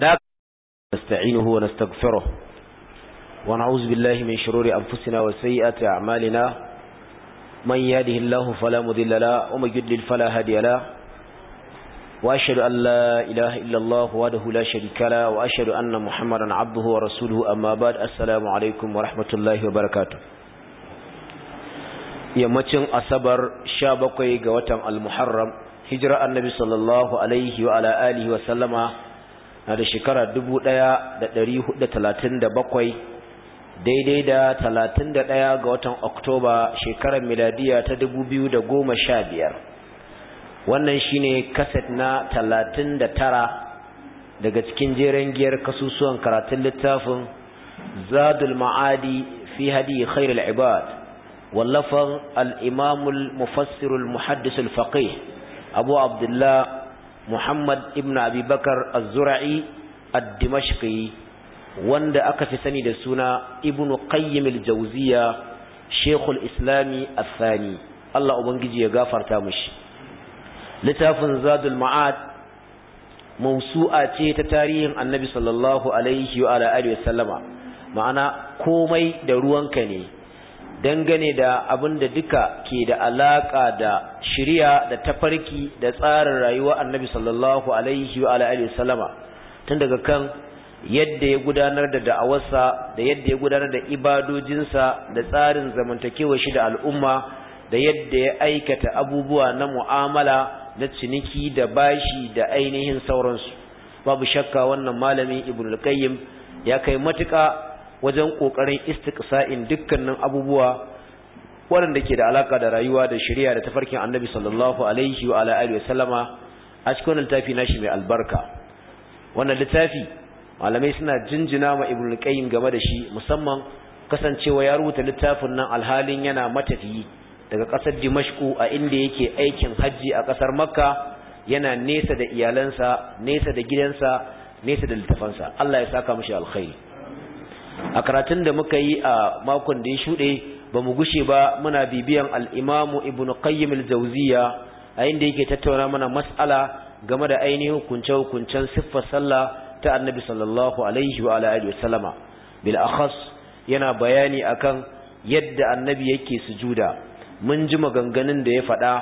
لا نستعينه ونستغفره ونعوذ بالله من شرور أنفسنا وسيئات أعمالنا من يهده الله فلا مذل لا ومن يدلل فلا هادي لا وأشهد أن لا إله إلا الله وحده لا شريك لا وأشهد أن محمدا عبده ورسوله أما بعد السلام عليكم ورحمة الله وبركاته yammacin asabar sha bakwai ga watan almuharram hijira annabi sallallahu alaihi wa ala alihi wa sallama na da shekara dubu ɗaya da ɗari hudu talatin da bakwai daidai da talatin da ɗaya ga watan oktoba shekarar miladiya ta dubu biyu da goma sha biyar wannan shine kaset na talatin da tara daga cikin jeren giyar kasusuwan karatun littafin zadul ma'adi fi hadi khairul ibad wallafan al-imamul mufassirul muhaddisul faqih abu abdullah Muhammad ibn Abibakar Bakar Az-Zura'i Ad-Dimashqi wanda aka fi sani da suna Ibn Qayyim al-Jawziyya Sheikhul Islami Al-Thani Allah ubangiji ya gafarta mishi littafin Zadul Ma'ad mausu'a ce ta tarihin Annabi sallallahu alaihi wa alihi wasallama ma'ana komai da ruwanka ne dangane da abin da duka ke da alaƙa da shirya da tafarki da tsarin rayuwa annabi sallallahu alaihi wa alihi salama, tun daga kan yadda ya gudanar da da'awarsa da yadda ya gudanar da ibadojinsa da tsarin zamantakewa shi da al'umma da yadda ya aikata abubuwa na mu'amala na ciniki da bashi da ainihin sauransu babu shakka wannan malami ibn al-qayyim ya kai matuƙa wajen kokarin istiqsa'in dukkanin abubuwa waɗanda ke da alaka da rayuwa da shari'a da tafarkin Annabi sallallahu alaihi wa alihi wa sallama a cikin littafi nashi mai albarka wannan littafi malamai suna jinjina ma ibnu Qayyim game da shi musamman kasancewa ya rubuta littafin nan alhalin yana matafiyi daga ƙasar Dimashku a inda yake aikin hajji a ƙasar Makka yana nesa da iyalansa nesa da gidansa nesa da littafansa Allah ya saka mishi alkhairi a karatun da muka yi a makon da ya shuɗe ba mu gushe ba muna bibiyan al'imamu ibn qayyim al jawziya a inda yake tattauna mana matsala game da ainihin hukunce-hukuncen siffar sallah ta annabi sallallahu alaihi wa alaihi wa sallama bil akhas yana bayani akan yadda annabi yake sujuda mun ji maganganun da ya faɗa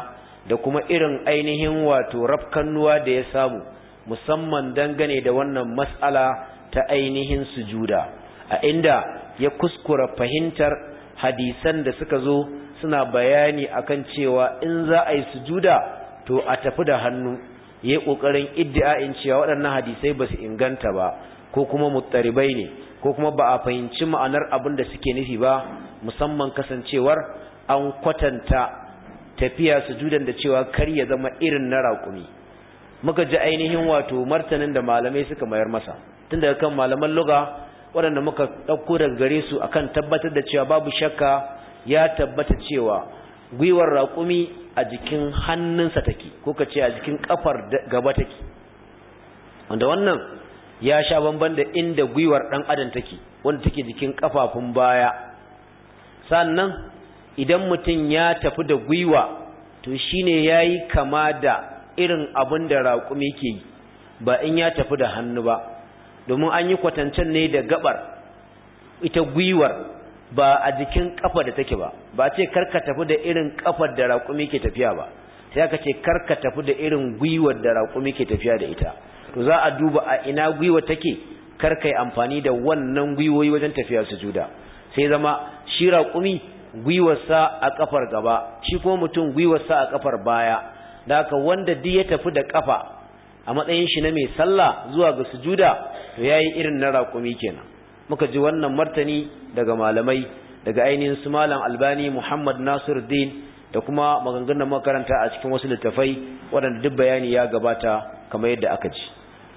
da kuma irin ainihin wato rafkannuwa da ya samu musamman dangane da wannan mas'ala ta ainihin sujuda a inda ya kuskura fahimtar hadisan da suka zo suna bayani akan cewa in za a yi sujuda to a tafi da hannu yayi kokarin in cewa waɗannan hadisai ba su inganta ba ko kuma muttaribai ne ko kuma ba a fahimci ma'anar abin da suke nufi ba musamman kasancewar an kwatanta tafiya sujudan da cewa kar ya zama irin na raƙumi muka ji ainihin wato martanin da malamai suka mayar masa tun daga kan malaman luga waɗanda muka ɗauko daga gare su akan tabbatar da cewa babu shakka ya tabbata cewa gwiwar raƙumi a jikin hannunsa take ko ka ce a jikin ƙafar gaba take wanda wannan ya sha bamban da inda gwiwar ɗan adam take wanda take jikin ƙafafun baya sannan idan mutum ya tafi da gwiwa to shine yi kama da irin abin da raƙumi ke yi ba in ya tafi da hannu ba domin an yi kwatancen ne da gabar ita gwiwar ba a jikin kafa da take ba ba ce karka tafi da irin kafar da raƙumi ke tafiya ba sai aka ce karka tafi da irin gwiwar da raƙumi ke tafiya da ita to za a duba a ina gwiwa take karka yi amfani da wannan gwiwoyi wajen tafiya su juda sai zama shi raƙumi gwiwarsa a kafar gaba shi kuma mutum gwiwarsa a kafar baya da wanda duk ya tafi da kafa a matsayin shi na mai sallah zuwa ga sujuda to yayi irin na raƙumi kenan muka ji wannan martani daga malamai daga ainihin su malam albani muhammad nasiruddin da kuma maganganun makaranta a cikin wasu littafai waɗanda duk bayani ya gabata kamar yadda aka ji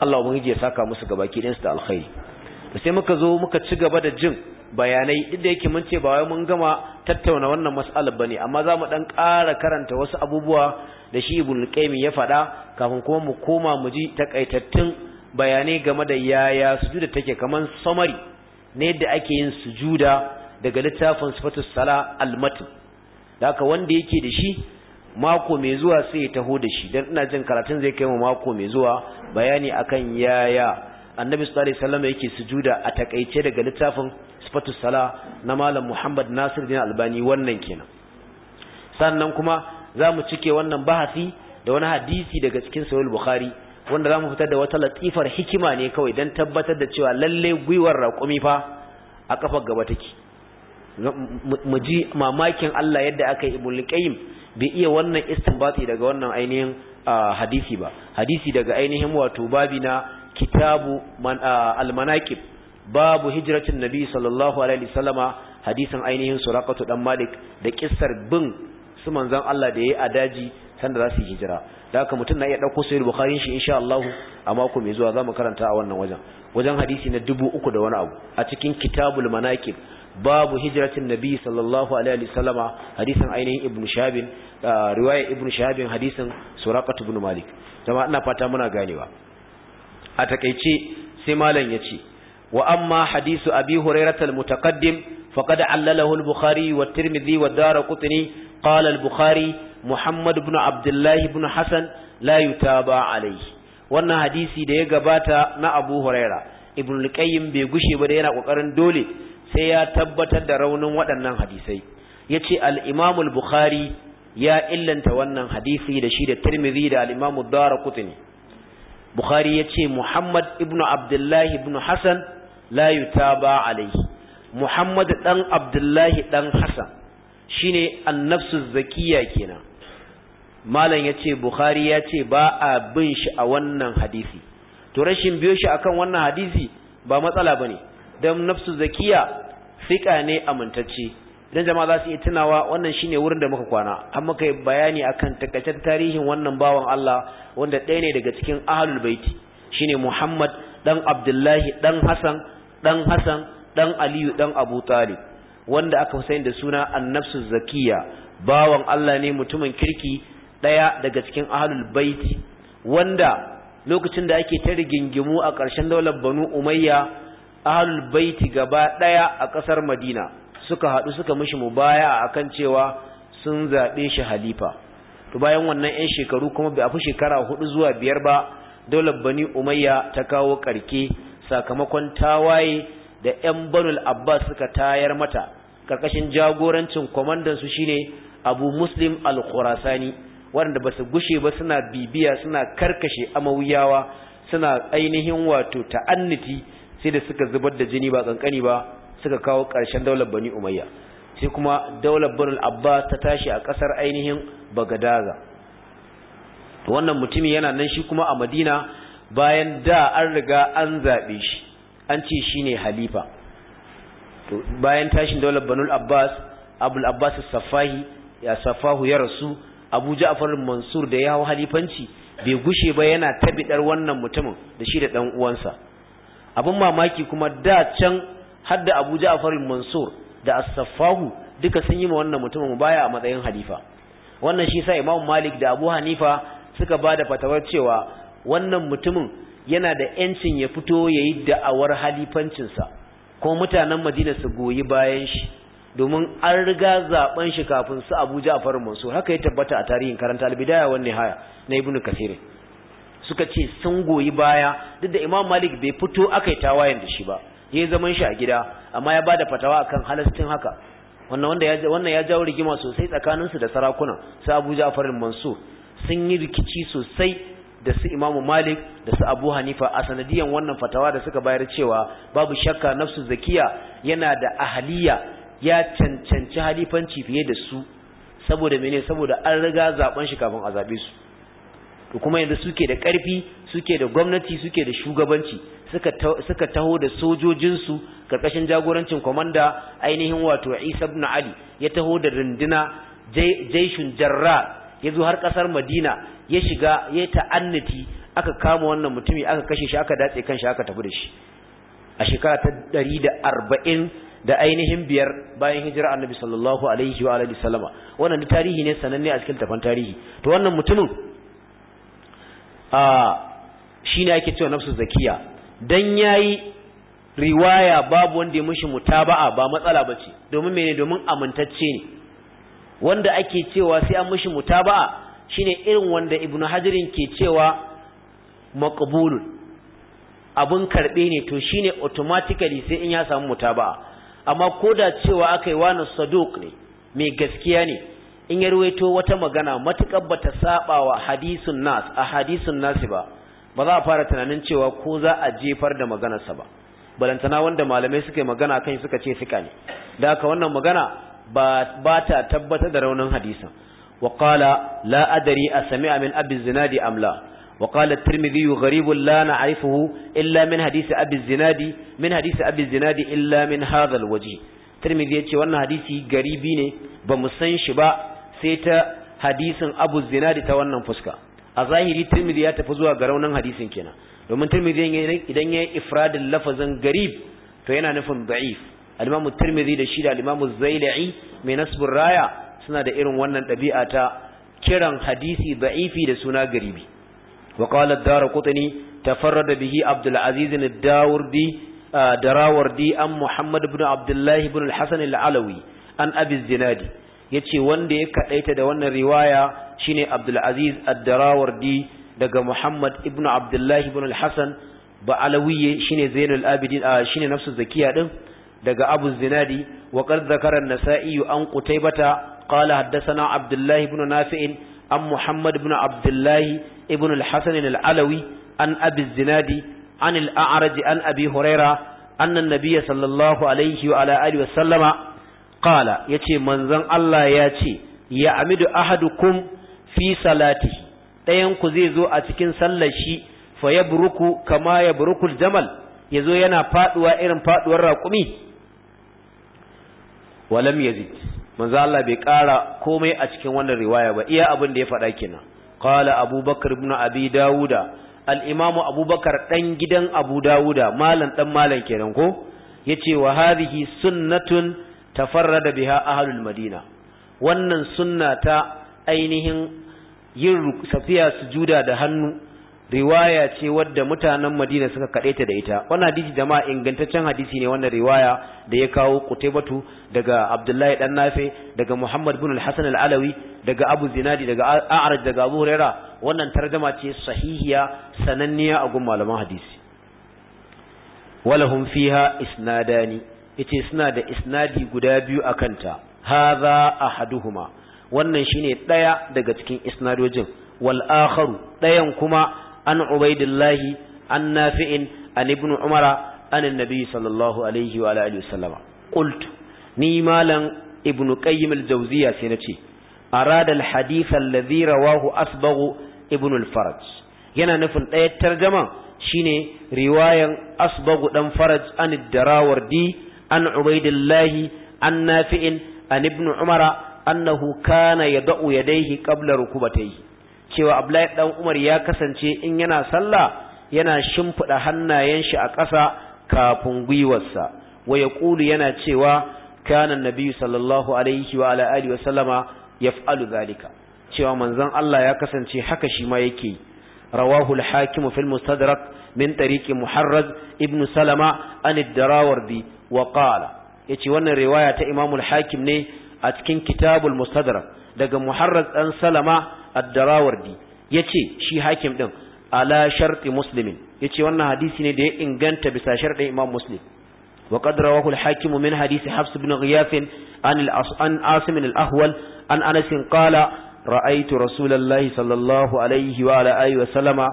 Allah ubangiji ya saka musu gabaki ɗinsu da alkhairi to sai muka zo muka ci gaba da jin bayanai duk da yake mun ce ba wai mun gama tattauna wannan mas'alar bane amma za mu ɗan ƙara karanta wasu abubuwa da shi ibn qayyim ya faɗa kafin kuma mu koma mu ji takaitattun bayanai game da yaya sujuda take kaman summary ne yadda ake yin sujuda daga littafin sifatus sala al-matn haka wanda yake da shi mako mai zuwa sai ya taho da shi dan ina jin karatun zai kai mu mako mai zuwa bayani akan yaya annabi sallallahu alaihi wasallam yake sujuda a takaice daga littafin sifatus sala na malam Muhammad Nasir din Albani wannan kenan sannan kuma za mu cike wannan bahasi da wani hadisi daga cikin sahihul bukhari wanda za mu fitar da wata latifar hikima ne kawai dan tabbatar da cewa lalle gwiwar raƙumi fa a kafar gaba take mu ji mamakin Allah yadda aka yi ibn qayyim bai iya wannan istinbati daga wannan ainihin hadisi ba hadisi daga ainihin wato babi na kitabu al-manaqib babu hijratin nabi sallallahu alaihi wasallama hadisin ainihin suraqatu dan malik da kissar bin su manzon Allah da yi a daji sanda za su hijira da haka mutum na iya ɗauko sahih bukhari shi insha Allah a mako mai zuwa zamu karanta a wannan wajen wajen hadisi na dubu uku da wani abu a cikin kitabul manaqib babu hijratin nabi sallallahu alaihi wasallama hadisin ainihin ibnu shahabin riwaya ibnu shahabin hadisin suraqat ibn malik jama'a ina fata muna ganewa a takeice sai malam yace wa amma hadisu abi hurairah al-mutaqaddim faqad allalahu al-bukhari wa at-tirmidhi wa ad-darqutni قال البخاري محمد بن عبد الله بن حسن لا يتابع عليه wannan hadisi da ya gabata na Abu Huraira Ibn qayyim bai gushe ba da yana kokarin dole sai ya tabbatar da raunin waɗannan hadisai yace al-Imam al-Bukhari ya illanta wannan hadisi da shi da Tirmidhi da al-Imam ad-Darqutni Bukhari yace Muhammad ibn abdullahi ibn Hasan la yutaba alayhi Muhammad dan abdullahi dan Hasan shine annafsu zakiya kenan malam ya ce bukhari ya ce ba a bin shi a wannan hadisi to rashin biyo shi akan wannan hadisi ba matsala ba ne, dan nafsu zakiya fika ne amintacce idan jama'a za su iya tunawa wannan shine wurin da muka kwana an muka yi bayani akan takaitar tarihin wannan bawan Allah wanda ɗaya ne daga cikin ahlul baiti shine Muhammad dan Abdullahi dan Hassan ɗan Hassan ɗan Aliyu ɗan Abu Talib wanda aka fi da suna annafsu zakiya bawan Allah ne mutumin kirki daya daga cikin ahlul baiti wanda lokacin da ake ta rigingimu a ƙarshen daular Banu Umayya ahlul baiti gaba daya a ƙasar Madina suka haɗu suka mishi a akan cewa sun zaɓe shi halifa to bayan wannan 'yan shekaru kuma bai afi shekara hudu zuwa biyar ba daular Bani Umayya ta kawo ƙarke sakamakon tawaye da 'yan Banul Abbas suka tayar mata karkashin jagorancin kwamandan su shine abu muslim al-khurasani waɗanda ba su gushe ba suna bibiya suna karkashe amawiyawa suna ainihin wato ta'anniti sai da suka zubar da jini ba kankani ba suka kawo ƙarshen daular bani umayya sai kuma daular bani abbas ta tashi a ƙasar ainihin bagadaza wannan mutumi yana nan shi kuma a madina bayan da an riga an zaɓe shi an ce shine ne halifa bayan tashin daular banul abbas abul abbas safahi ya safahu ya rasu abu ja'far mansur da ya hau halifanci bai gushe ba yana tabidar wannan mutumin da shi da dan uwansa abin mamaki kuma da can har da abu ja'far mansur da as-safahu duka sun yi ma wannan mutumin baya a matsayin halifa wannan shi sa imam malik da abu hanifa suka ba da fatawar cewa wannan mutumin yana da yancin ya fito yayi yi da'awar halifancinsa ko mutanen madina su goyi bayan shi domin an riga zaben shi kafin su abuja a farin mansur haka ya tabbata a tarihin karanta albidaya wani haya na ibn kasiri suka ce sun goyi baya duk da imam malik bai fito aka yi tawayen da shi ba ya zaman shi a gida amma ya bada fatawa akan halastin haka wannan ya jawo rigima sosai tsakaninsu da sarakuna su abuja a farin mansur sun yi rikici sosai da su imamu malik da su abu hanifa a sanadiyan wannan fatawa da suka bayar cewa babu shakka nafsu zakiya yana da ahaliya ya cancanci halifanci fiye da su saboda mene saboda an riga zaben shi kafin a zabe su to kuma yanzu suke da karfi suke da gwamnati suke da shugabanci suka suka taho da sojojinsu karkashin jagorancin komanda ainihin wato Isa ibn Ali ya taho da runduna jaishun jarra ya zo har kasar madina ya shiga ya ta'annati aka kama wannan mutumi aka kashe shi aka datse kan shi aka tafi da shi a shekara ta ɗari da ainihin biyar bayan hijira annabi sallallahu alaihi wa alihi sallama wannan tarihi ne sananne a cikin tafan tarihi to wannan mutumin a ne ake cewa nafsu zakiya dan yayi riwaya babu wanda ya mishi mutaba'a ba matsala bace domin mene domin amintacce ne wanda ake cewa sai an mishi mutaba'a shine irin wanda ibnu hajirin ke cewa maqbulun abun karbe ne to shine automatically sai in ya samu mutaba'a amma koda cewa akai wani saduq ne mai gaskiya ne in ya ruwaito wata magana matukar bata saba wa hadisun nas a hadisun nasi ba ba za a fara tunanin cewa ko za a jefar da maganarsa ba balantana wanda malamai suka yi magana kan suka ce suka ne da haka wannan magana ba ta tabbatar da raunin hadisin wa qala la adri asmi'a min abi zinadi am la wa qala tirmidhi gharibun la na'rifuhu illa min hadisi abi zinadi min hadisi abi zinadi illa min hadha waje. wajh tirmidhi yace wannan hadisi garibi ne ba mu san shi ba sai ta hadisin abu zinadi ta wannan fuska a zahiri tirmidhi ya tafi zuwa ga raunin hadisin kenan domin tirmidhi idan ya ifradin lafazin garib to yana nufin da'if al-imamu tirmidhi da shi da al mai nasbur raya suna da irin wannan ɗabi'a ta kiran hadisi da'ifi da suna garibi wa qala ad-darqutni tafarrada bihi abdul aziz ad-dawardi darawardi an muhammad ibn abdullah ibn al-hasan al-alawi an abi zinadi yace wanda ya kadaita da wannan riwaya shine abdul aziz daga muhammad ibn abdullah ibn al-hasan ba alawiye shine zainul abidin shine nafsu zakiya din daga abu zinadi wa qad zakara an-nasa'i an qutaybata qala haddathana ibn nafi' an muhammad ibn abdullah ibn al-hasan alawi an abi zinadi an al an abi huraira anna an-nabiy sallallahu alayhi wa ala wa sallama qala yace manzon Allah ya ce ya amidu ahadukum fi salatihi dayan ku zai zo a cikin sallar shi fa yabruku kama yabrukul jamal yazo yana faɗuwa irin faɗuwar raƙumi walam yazid manzo Allah bai ƙara komai a cikin wannan riwaya ba iya abin da ya faɗa kenan qala abubakar ibn abi dauda al-imam abubakar dan gidan abu dauda malam dan malam kenan ko yace wa hadhihi sunnatun tafarrada biha ahlul madina wannan sunna ta ainihin yin safiya sujuda da hannu riwaya ce wadda mutanen Madina suka kaɗe ta da ita wannan hadisi jama'a ingantaccen hadisi ne wannan riwaya da ya kawo kutebatu daga Abdullahi dan nafe daga Muhammad ibn al-Hasan al-Alawi daga Abu Zinadi daga A'raj daga Abu Huraira wannan tarjama ce sahihiya sananniya a gun malaman hadisi walahum fiha isnadani yace suna da isnadi guda biyu akan ta hadha ahaduhuma wannan shine daya daga cikin isnadojin wal akharu dayan kuma an ubaidillahi an nafi'in an ibnu umara an annabi sallallahu alaihi wa alihi wasallama qultu ni malam ibnu qayyim al-jawziya sai nace arada al-hadith alladhi faraj yana nufin ɗaya tarjama shine riwayan asbagh ɗan faraj an ad-darawardi an ubaidillahi an nafi'in an ibnu umara annahu kana yad'u yadayhi qabla rukubatayhi cewa Abdullahi dan Umar ya kasance in yana sallah yana shimfida hannayen shi a ƙasa kafin gwiwarsa wa ya yaqulu yana cewa kana annabi sallallahu alaihi wa ala alihi wa sallama yaf'alu zalika cewa manzon Allah ya kasance haka shi ma yake rawahu al-hakim fil mustadrak min tariqi muharraz ibn salama an ad-darawardi wa qala yace wannan riwaya ta imamul hakim ne a cikin kitabul mustadrak daga muharraz dan salama ad-darawardi yace shi hakim din ala sharti muslimin yace wannan hadisi ne da ya inganta bisa sharɗin imam muslim wa qad rawahu al-hakim min hadisi hafs ibn ghiyaf an al-as'an asim al-ahwal an anas qala ra'aytu rasulallahi sallallahu alayhi wa ala alihi wa sallama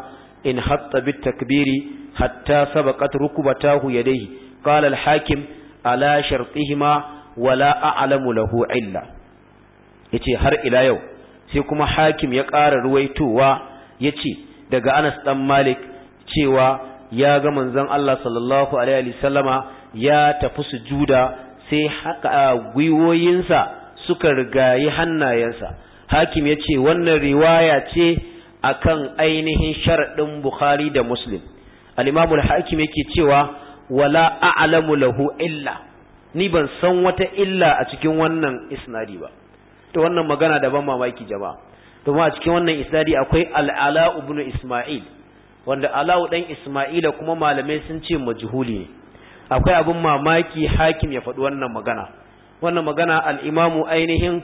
in hatta bit takbiri hatta sabaqat rukbatahu yadayhi qala al-hakim ala shartihima wala a'lamu lahu illa yace har ila yau sai kuma hakim ya ƙara ruwaitowa ya ce daga anas ɗan malik cewa ya ga manzon Allah sallallahu alaihi sallama ya tafi su juda, sai haka gwiwoyinsa suka rigayi hannayensa hakim ya ce wannan riwaya ce akan ainihin sharaɗin bukhari da muslim al hakim yake cewa wala a'lamu lahu illa ni ban san wata illa a cikin wannan isnadi ba to wannan magana da ban mamaki jama'a domin a cikin wannan isnadi akwai al'ala ibn isma'il wanda ala'u dan isma'ila kuma malamai sun ce majhuli ne akwai abin mamaki hakim ya faɗi wannan magana wannan magana al'imamu ainihin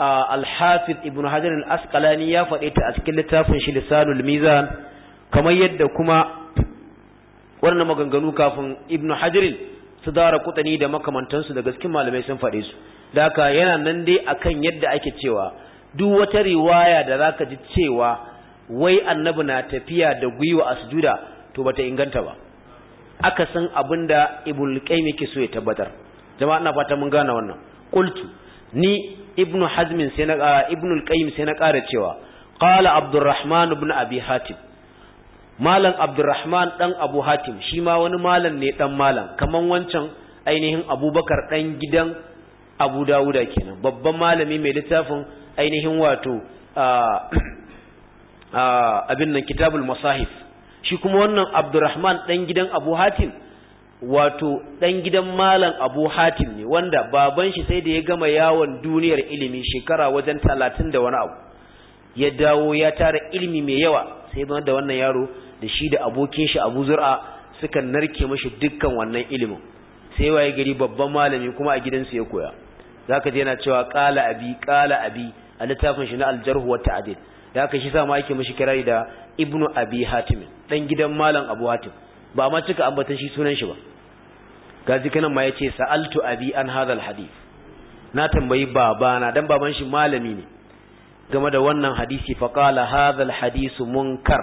al-hafiz ibn hajar al-asqalani ya faɗe ta a cikin littafin shi lisanul mizan kamar yadda kuma wannan maganganu kafin ibn hajar su dara kutani da makamantansu da gaskin malamai sun faɗe su daka yana nan dai akan yadda ake cewa duk wata riwaya da zaka ji cewa wai annabi na tafiya da gwiwa a sujuda to bata inganta ba Aka san abinda ibnu qayyim yake so ya tabbatar jama'a ina fata mun gane wannan qultu ni ibnu hazm sai na ah, ibnu qayyim sai na ƙara cewa qala abdurrahman ibn abi hatim malam abdurrahman dan abu hatim shi ma wani malam ne dan malam kaman wancan ainihin abubakar dan gidan abu dawuda kenan babban malami mai littafin ainihin wato abin nan kitabul masahif shi kuma wannan abdurrahman ɗan gidan abu hatim wato ɗan gidan malam abu hatim ne wanda baban shi sai da ya gama yawon duniyar ilimi shekara wajen talatin da wani abu ya dawo ya tara ilimi mai yawa sai da wannan yaro da shi da abokin shi abu zur'a suka narke mashi dukkan wannan ilimin sai waye gari babban malami kuma a gidansu ya koya zaka ka yana cewa ƙala abi ƙala abi a littafin shi na aljarhu wata adil da ka shi sa ma mashi mishi kirari da ibnu abi hatim dan gidan malam abu hatim ba ma cika ambatan shi sunan shi ba ga zikinan ma ya ce sa'altu abi an hadal hadith na tambayi babana dan baban shi malami ne game da wannan hadisi fa qala hadisu munkar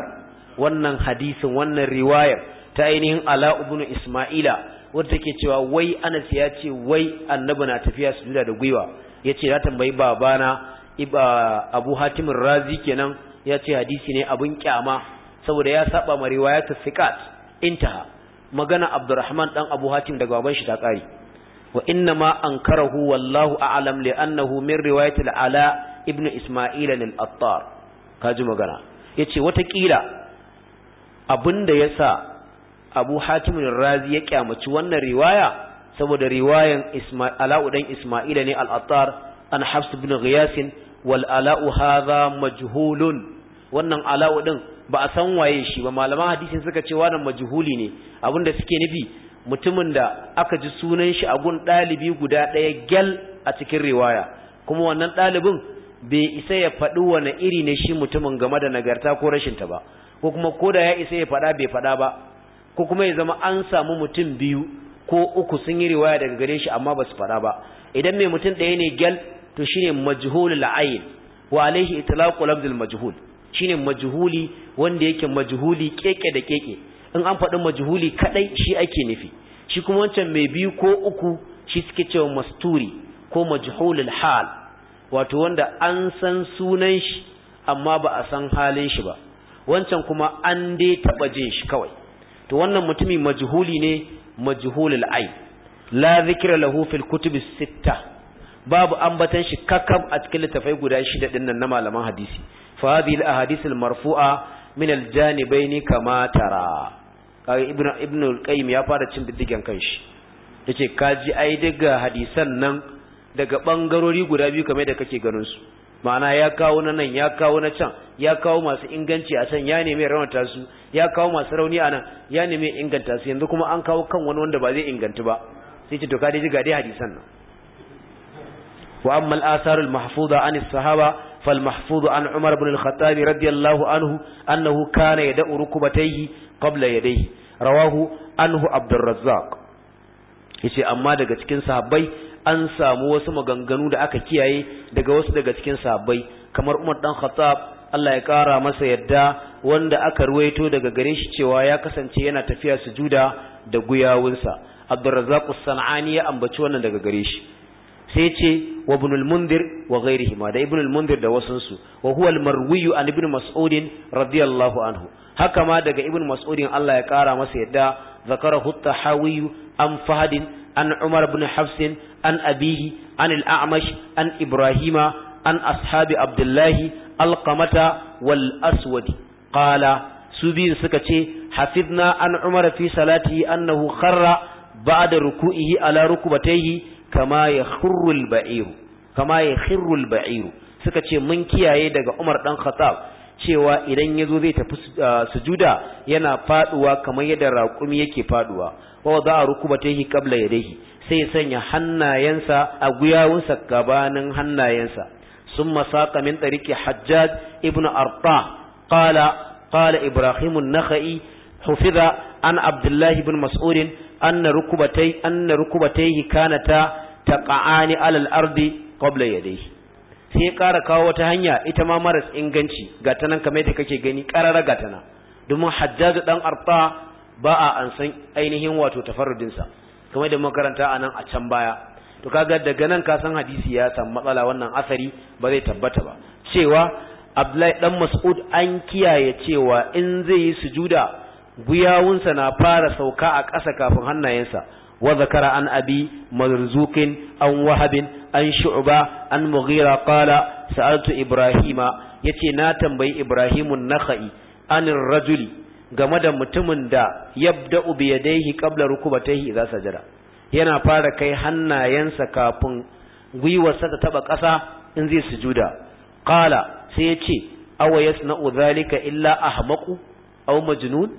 wannan hadisin wannan riwayar ta ainihin ala ibnu isma'ila wadda take cewa wai Anas ya ce wai annabi na tafiya sujuda da gwiwa yace ya tambayi babana Abu Hatim Razi kenan ya ce hadisi ne abin kyama saboda ya saba ma riwayatul thiqat intaha magana Abdurrahman dan Abu Hatim daga baban shi ta kare wa inna ma ankarahu wallahu a'lam li annahu min riwayatil ala ibn Isma'il al-Attar kaji magana yace wata kila abinda yasa abu hatimin razi ya kyamaci wannan riwaya saboda riwayan ala'u dan isma'ila ne al'attar an hafsu bin wal ala'u haza majhulun wannan ala'u din ba a san waye shi ba malaman hadisin suka ce wannan majhuli ne abinda suke nufi mutumin da aka ji sunan shi a gun ɗalibi guda ɗaya gyal a cikin riwaya kuma wannan ɗalibin bai isa ya faɗi wani iri ne shi mutumin game da nagarta ko rashin ta ba ko kuma koda ya isa ya faɗa bai faɗa ba ko kuma ya zama an samu mutum biyu ko uku sun yi riwaya daga gare shi amma ba su fara ba idan mai mutum ɗaya ne gyal to shine majhul la'ayin wa alaihi itlaqu lafzul majhul shine majhuli wanda yake majhuli keke da keke in an faɗi majhuli kaɗai, shi ake nufi shi kuma wancan mai biyu ko uku shi suke cewa masturi ko majhulul hal wato wanda an san sunan shi amma ba a san halin shi ba wancan kuma an dai taɓa jin shi kawai to wannan mutumi majhuli ne majhulul ai la zikra lahu fil kutubi sitta babu ambatan shi kakam a cikin littafai guda shida din nan na malaman hadisi fa hadhihi al ahadith al marfu'a min al janibaini kama tara ibn ibn al qayyim ya fara cin diddigen kanshi yace kaji ai daga hadisan nan daga bangarori guda biyu kamar da kake ganin su ma'ana ya kawo na nan ya kawo na can ya kawo masu inganci a can ya nemi ramata su ya kawo masu rauni a nan ya nemi inganta su yanzu kuma an kawo kan wani wanda ba zai inganta ba sai ce to ka dai ji ga dai hadisan nan wa amma al-asarul mahfuza an sahaba fal mahfuz an umar ibn al-khattab radiyallahu anhu annahu kana yad'u rukbatayhi qabla yadayhi rawahu anhu abdurrazzaq yace amma daga cikin sahabbai an samu wasu maganganu da aka kiyaye daga wasu daga cikin sahabbai kamar Umar dan Khattab Allah ya kara masa yadda wanda aka ruwaito daga gare shi cewa ya kasance yana tafiya sujuda da guyawunsa Abdurrazzaq as-San'ani ya ambaci wannan daga gare shi sai ce wa ibn al-Mundhir wa ghayrihi ma da ibn al-Mundhir da su wa huwa al-marwi an ibn Mas'ud radiyallahu anhu haka ma daga ibn Mas'ud Allah ya kara masa yadda zakarahu at-Tahawi an Fahadin an Umar bin Hafs an abihi an al-A'mash an Ibrahima an ashabi Abdullahi alqamata wal aswad qala su biyun suka ce hafizna an Umar fi salatihi annahu kharra ba'da ruku'ihi ala rukbatayhi kama yakhurru al-ba'ir kama yakhurru al-ba'ir suka ce mun kiyaye daga Umar dan Khattab cewa idan ya zo zai tafi sujuda yana faɗuwa kamar yadda raƙumi yake faɗuwa. wa wada'a rukubatayhi qabla yadayhi sai ya sanya hannayensa a guyawunsa gabanin hannayensa sun masa kamin tariqi hajjaj ibnu arta qala qala ibrahim an-nakhai hufiza an Abdullahi ibn Mas'udin anna rukubatay anna rukubatayhi kanata taqa'ani ala ardi qabla yadayhi sai ya ƙara kawo wata hanya ita ma maras inganci ga kamar da kake gani ƙarara ga domin hajjaju ɗan arfa ba a an san ainihin wato tafarrudinsa kamar da makaranta a nan a can baya to kaga daga nan ka san hadisi ya san matsala wannan asari ba zai tabbata ba cewa Abdullahi dan Mas'ud an kiyaye cewa in zai yi sujuda guyawunsa na fara sauka a ƙasa kafin hannayensa wa zakara an abi marzukin an wahabin an shu'ba an mughira qala sa'altu ibrahima yace na tambayi ibrahimun nakhai anir rajuli game da mutumin da yabda'u daihi yadayhi rukubatai za su sajada yana fara kai hannayensa kafin gwiwarsa ta taba ƙasa in zai su juda. Kala sai ya ce awa yasna'u uzalika illa a aw majnun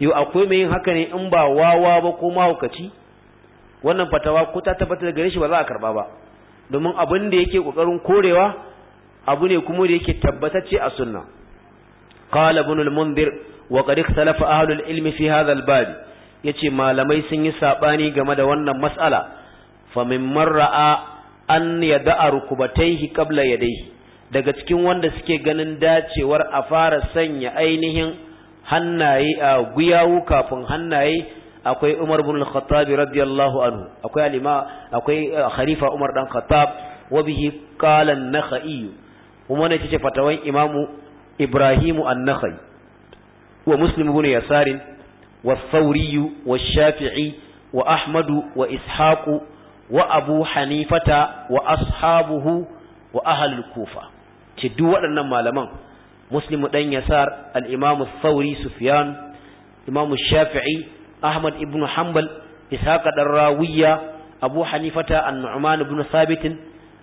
yo akwai mai yin haka ne in ba wawa ba ko mahaukaci wannan fatawa ko ta tabbatar da gare shi ba za a karba ba domin abin da yake kokarin korewa abu ne kuma da yake tabbatacce a sunna Kala ibn al-mundhir wa qad ikhtalafa ahlul ilmi fi hadha al-bab yace malamai sun yi sabani game da wannan mas'ala fa mimman ra'a an yada'a rukubatayhi qabla yadayhi daga cikin wanda suke ganin dacewar a fara sanya ainihin hannaye a guyawu kafin hannaye akwai Umar ibn al-Khattab radiyallahu anhu akwai alima akwai khalifa Umar dan Khattab wa bihi qala an-Nakhai kuma ne tace fatawan Imam Ibrahim an-Nakhai wa muslim bin yasarin wa thauri wa shafi'i wa ahmadu wa ishaqu wa abu hanifata wa ashabuhu wa ahlul kufa ce waɗannan malaman muslim dan yasar al-imam thauri sufyan imam shafi'i ahmad ibnu hambal ishaq dan rawiya abu hanifata an-nu'man ibn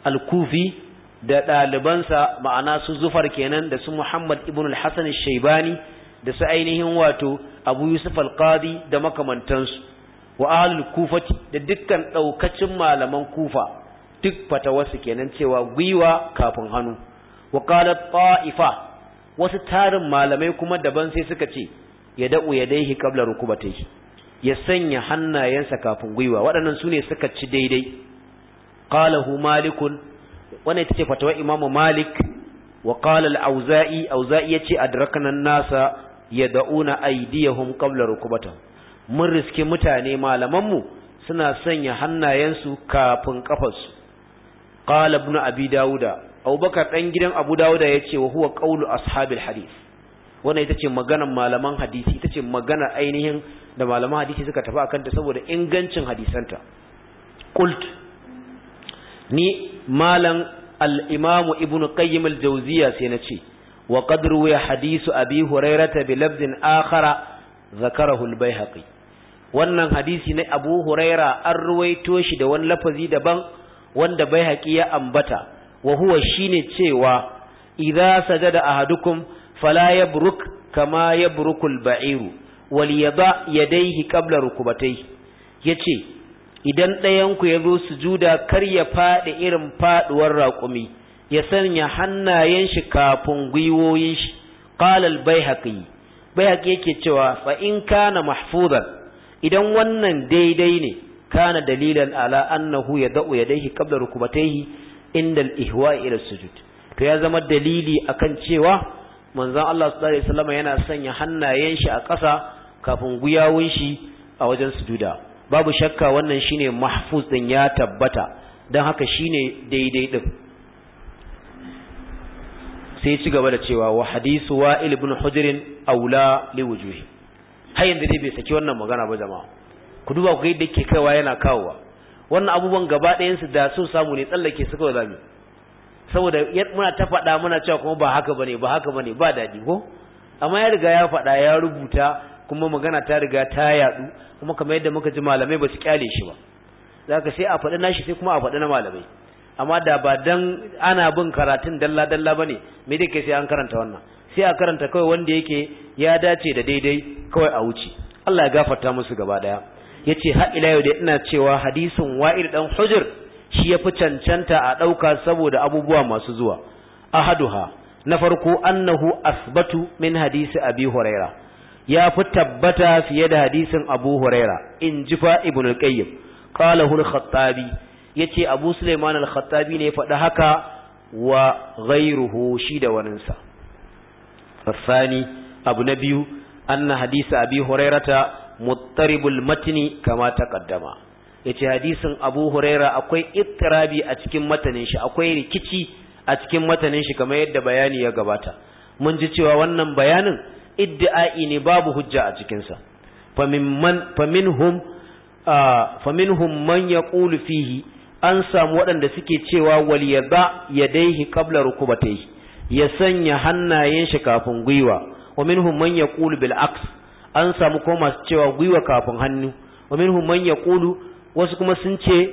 al-kufi da ɗalibansa ma'ana su zufar kenan da su muhammad ibn al shaybani da su ainihin wato abu yusuf alqadi da makamantansu wa ahlul kufati da dukkan daukacin malaman kufa duk fatawarsu kenan cewa gwiwa kafin hannu wa qalat ta'ifa wasu tarin malamai kuma daban sai suka ce ya da'u yadaihi qabla rukubatayhi ya sanya hannayensa kafin gwiwa waɗannan su ne suka ci daidai qalahu malikun wannan ita ce fatawar imamu malik wa qala al-auza'i auza'i yace adrakana nasa Ya da'una aidiyahum qabla rukubatan mun riske mutane malamanmu suna sanya hannayensu kafin kafarsu qala ibn abi dauda abubakar dan gidan abu dauda yace wa huwa qaulu ashabil hadith wannan ita ce maganar malaman hadisi ita ce magana ainihin da malaman hadisi suka tafi akan ta saboda ingancin hadisanta qult ni malam al-imam ibn qayyim al-jawziya sai na ce wa qad ruwiya hadisu abi hurairata bi lafzin akhara zakarahu al wannan hadisi na abu huraira an ruwaito shi da wani lafazi daban wanda baihaqi ya ambata wa huwa shine cewa idza sajada ahadukum fala yabruk kama yabrukul ba'iru wal yada yadayhi qabla Ya yace idan ɗayanku ya zo sujuda kar ya faɗi irin faɗuwar raƙumi ya sanya hannayen shi kafin gwiwoyin shi qalal bayhaqi bayhaqi yake cewa fa in kana mahfuzan idan wannan daidai ne kana dalilan ala annahu yad'u yadayhi qabla rukubatayhi inda al-ihwa ila sujud to ya zama dalili akan cewa manzon Allah sallallahu alaihi wasallam yana sanya hannayen shi a ƙasa kafin gwiwoyin shi a wajen sujuda babu shakka wannan shine mahfuz din ya tabbata dan haka shine daidai din sai ci gaba da cewa wa hadisu wa ibn hujrin aula li wujuhi har yanzu dai bai saki wannan magana ba jama'a ku duba ku ga yadda yake kaiwa yana kawowa wannan abubuwan gaba ɗayan su da so samu ne tsallake su kawai zamu saboda muna ta faɗa muna cewa kuma ba haka bane ba haka bane ba daɗi ko amma ya riga ya faɗa ya rubuta kuma magana ta riga ta yaɗu kuma kamar yadda muka ji malamai ba su kyale shi ba zaka sai a faɗi nashi sai kuma a faɗi na malamai amma da ba dan ana bin karatun dalla dalla ba ne dai dake sai an karanta wannan sai a karanta kawai wanda yake ya dace da daidai kawai a wuce Allah ya gafarta musu gaba daya yace har ila yau da ina cewa hadisin wa'il dan hujr shi ya fi cancanta a ɗauka saboda abubuwa masu zuwa ahaduha na farko annahu asbatu min hadisi abi huraira ya fi tabbata fiye da hadisin abu huraira in jifa ibnul qayyim qala khattabi yace Abu Sulaiman al-Khattabi ne ya faɗi haka wa ghayruhu shi da waninsa Sani abu na biyu anna hadisa Abi Hurairata muttaribul matni kama taqaddama yace hadisin Abu Huraira akwai ittirabi a cikin matanin shi akwai rikici a cikin matanin shi kamar yadda bayani ya gabata mun ji cewa wannan bayanin iddi'ai ne babu hujja a cikinsa faminhum ah, man ya ƙulu fihi an samu waɗanda suke cewa ba ya daihi qabla rukubatai ya sanya hannayen shi kafin gwiwa wa minhum man yaqulu bil aks an samu kuma masu cewa gwiwa kafin hannu wa minhum man yaqulu wasu kuma sun ce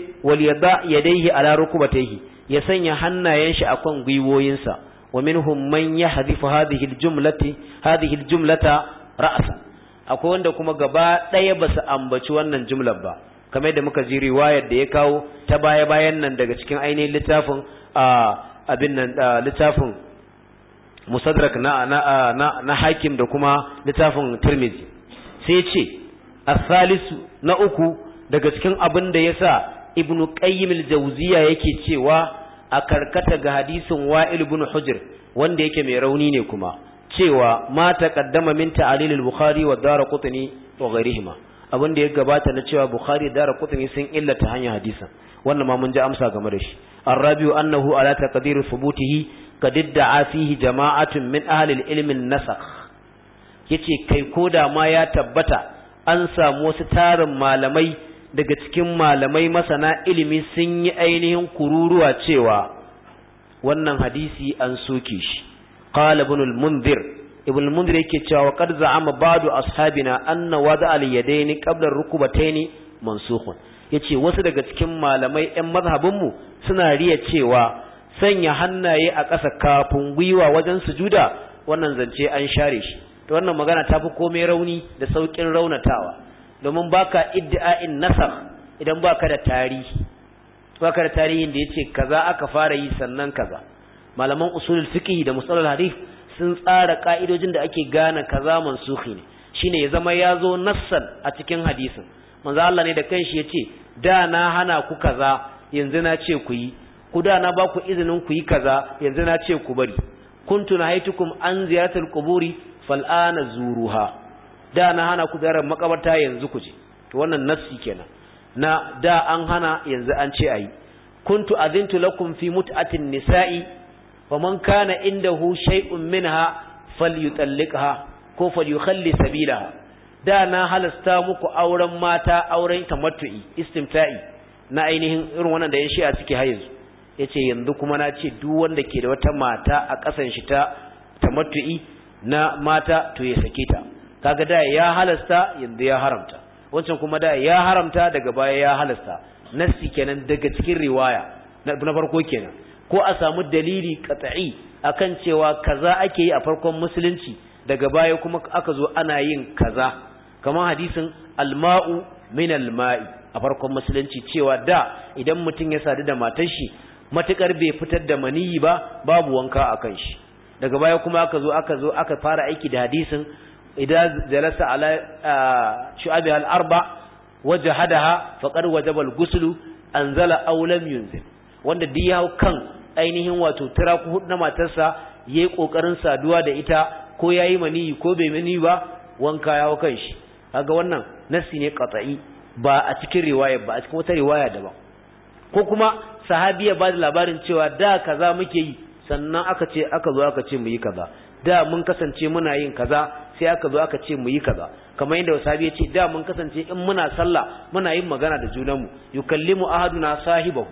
ba ya daihi ala rukubatayhi ya sanya hannayen shi akan gwiwoyinsa wa minhum man yahdhifu hadhihi al jumlati hadhihi al jumlata ra'sa akwai wanda kuma gaba ɗaya ba su ambaci wannan jumlar ba kamar da muka ji riwayar da ya kawo ta baya bayan nan daga cikin ainihin littafin abin nan littafin musadrak na na hakim da kuma littafin tirmizi sai ce Salisu na uku daga cikin abin da yasa ibnu qayyim al-jawziya yake cewa a karkata ga hadisin wa'il ibn hujr wanda yake mai rauni ne kuma cewa ma taqaddama min ta'alil al-bukhari wa daraqutni wa ghayrihima abin da ya gabata na cewa bukhari da yi sun illata hanyar hadisan wannan ma mun ji amsa game da shi arrabi'u annahu ala taqdir thubutihi kadidda fihi jama'atun min ahli al-ilm an-nasakh yace kai da ma ya tabbata an samu wasu tarin malamai daga cikin malamai masana ilimi sun yi ainihin kururuwa cewa wannan hadisi an soke shi qala ibn al ibn mundir yake cewa wa qad za'ama ba'du ashabina anna wada al-yadaini qabla rukubataini mansukhun yace wasu daga cikin malamai ɗan mazhabinmu suna riya cewa sanya hannaye a ƙasa kafin gwiwa wajen sujuda wannan zance an share shi to wannan magana ta fi komai rauni da saukin raunatawa domin baka idda'in nasar idan baka da tarihi baka da tarihin da yace kaza aka fara yi sannan kaza malaman usulul fiqh da musalal hadith sun tsara ka'idojin da ake gane kaza mansukhi ne shine ya zama ya zo nassan a cikin hadisin manzo Allah ne da kanshi yace da na hana ku kaza yanzu na ce ku yi ku da na ba ku izinin ku yi kaza yanzu na ce ku bari kuntu nahaitukum an ziyaratul quburi ana zuruha da na hana ku ziyarar makabarta yanzu ku je to wannan nassi kenan na da an hana yanzu an ce ayi kuntu azintu lakum fi mut'atin nisa'i wa man kana indahu shay'un minha falyutalliqha ko falyukhalli sabilaha da na halasta muku auren mata auren tamattu'i istimta'i na ainihin irin wannan da yan shi'a suke yanzu yace yanzu kuma na ce duk wanda ke da wata mata a kasan shi ta tamattu'i na mata to ya sake ta kaga da ya halasta yanzu ya haramta wancan kuma da ya haramta daga baya ya halasta nassi kenan daga cikin riwaya na farko kenan ko a samu dalili a akan cewa kaza ake yi a farkon musulunci daga baya kuma aka zo ana yin kaza kamar hadisin alma'u min alma'i a farkon musulunci cewa da idan mutum ya sadu da matar shi matukar bai fitar da maniyi ba babu wanka kan shi daga baya kuma aka zo aka zo aka fara aiki da hadisin idan jalasa ala shu'abi al-arba wajhadaha faqad wajaba al-ghusl anzala aw lam yunzil wanda diyau ya kan ainihin wato turaku hudu na matarsa ya yi ƙoƙarin saduwa da ita ko ya yi maniyi ko bai maniyi ba wanka ya kan shi kaga wannan nasi ne katsayi ba a cikin riwaya ba a cikin wata riwaya daban ko kuma sahabi ya ba da labarin cewa da kaza muke yi sannan aka ce aka zo aka ce mu yi kaza da mun kasance muna yin kaza sai aka zo aka ce mu yi kaza kamar yadda sahabi ya ce da mun kasance in muna sallah muna yin magana da junanmu yukallimu ahaduna sahibahu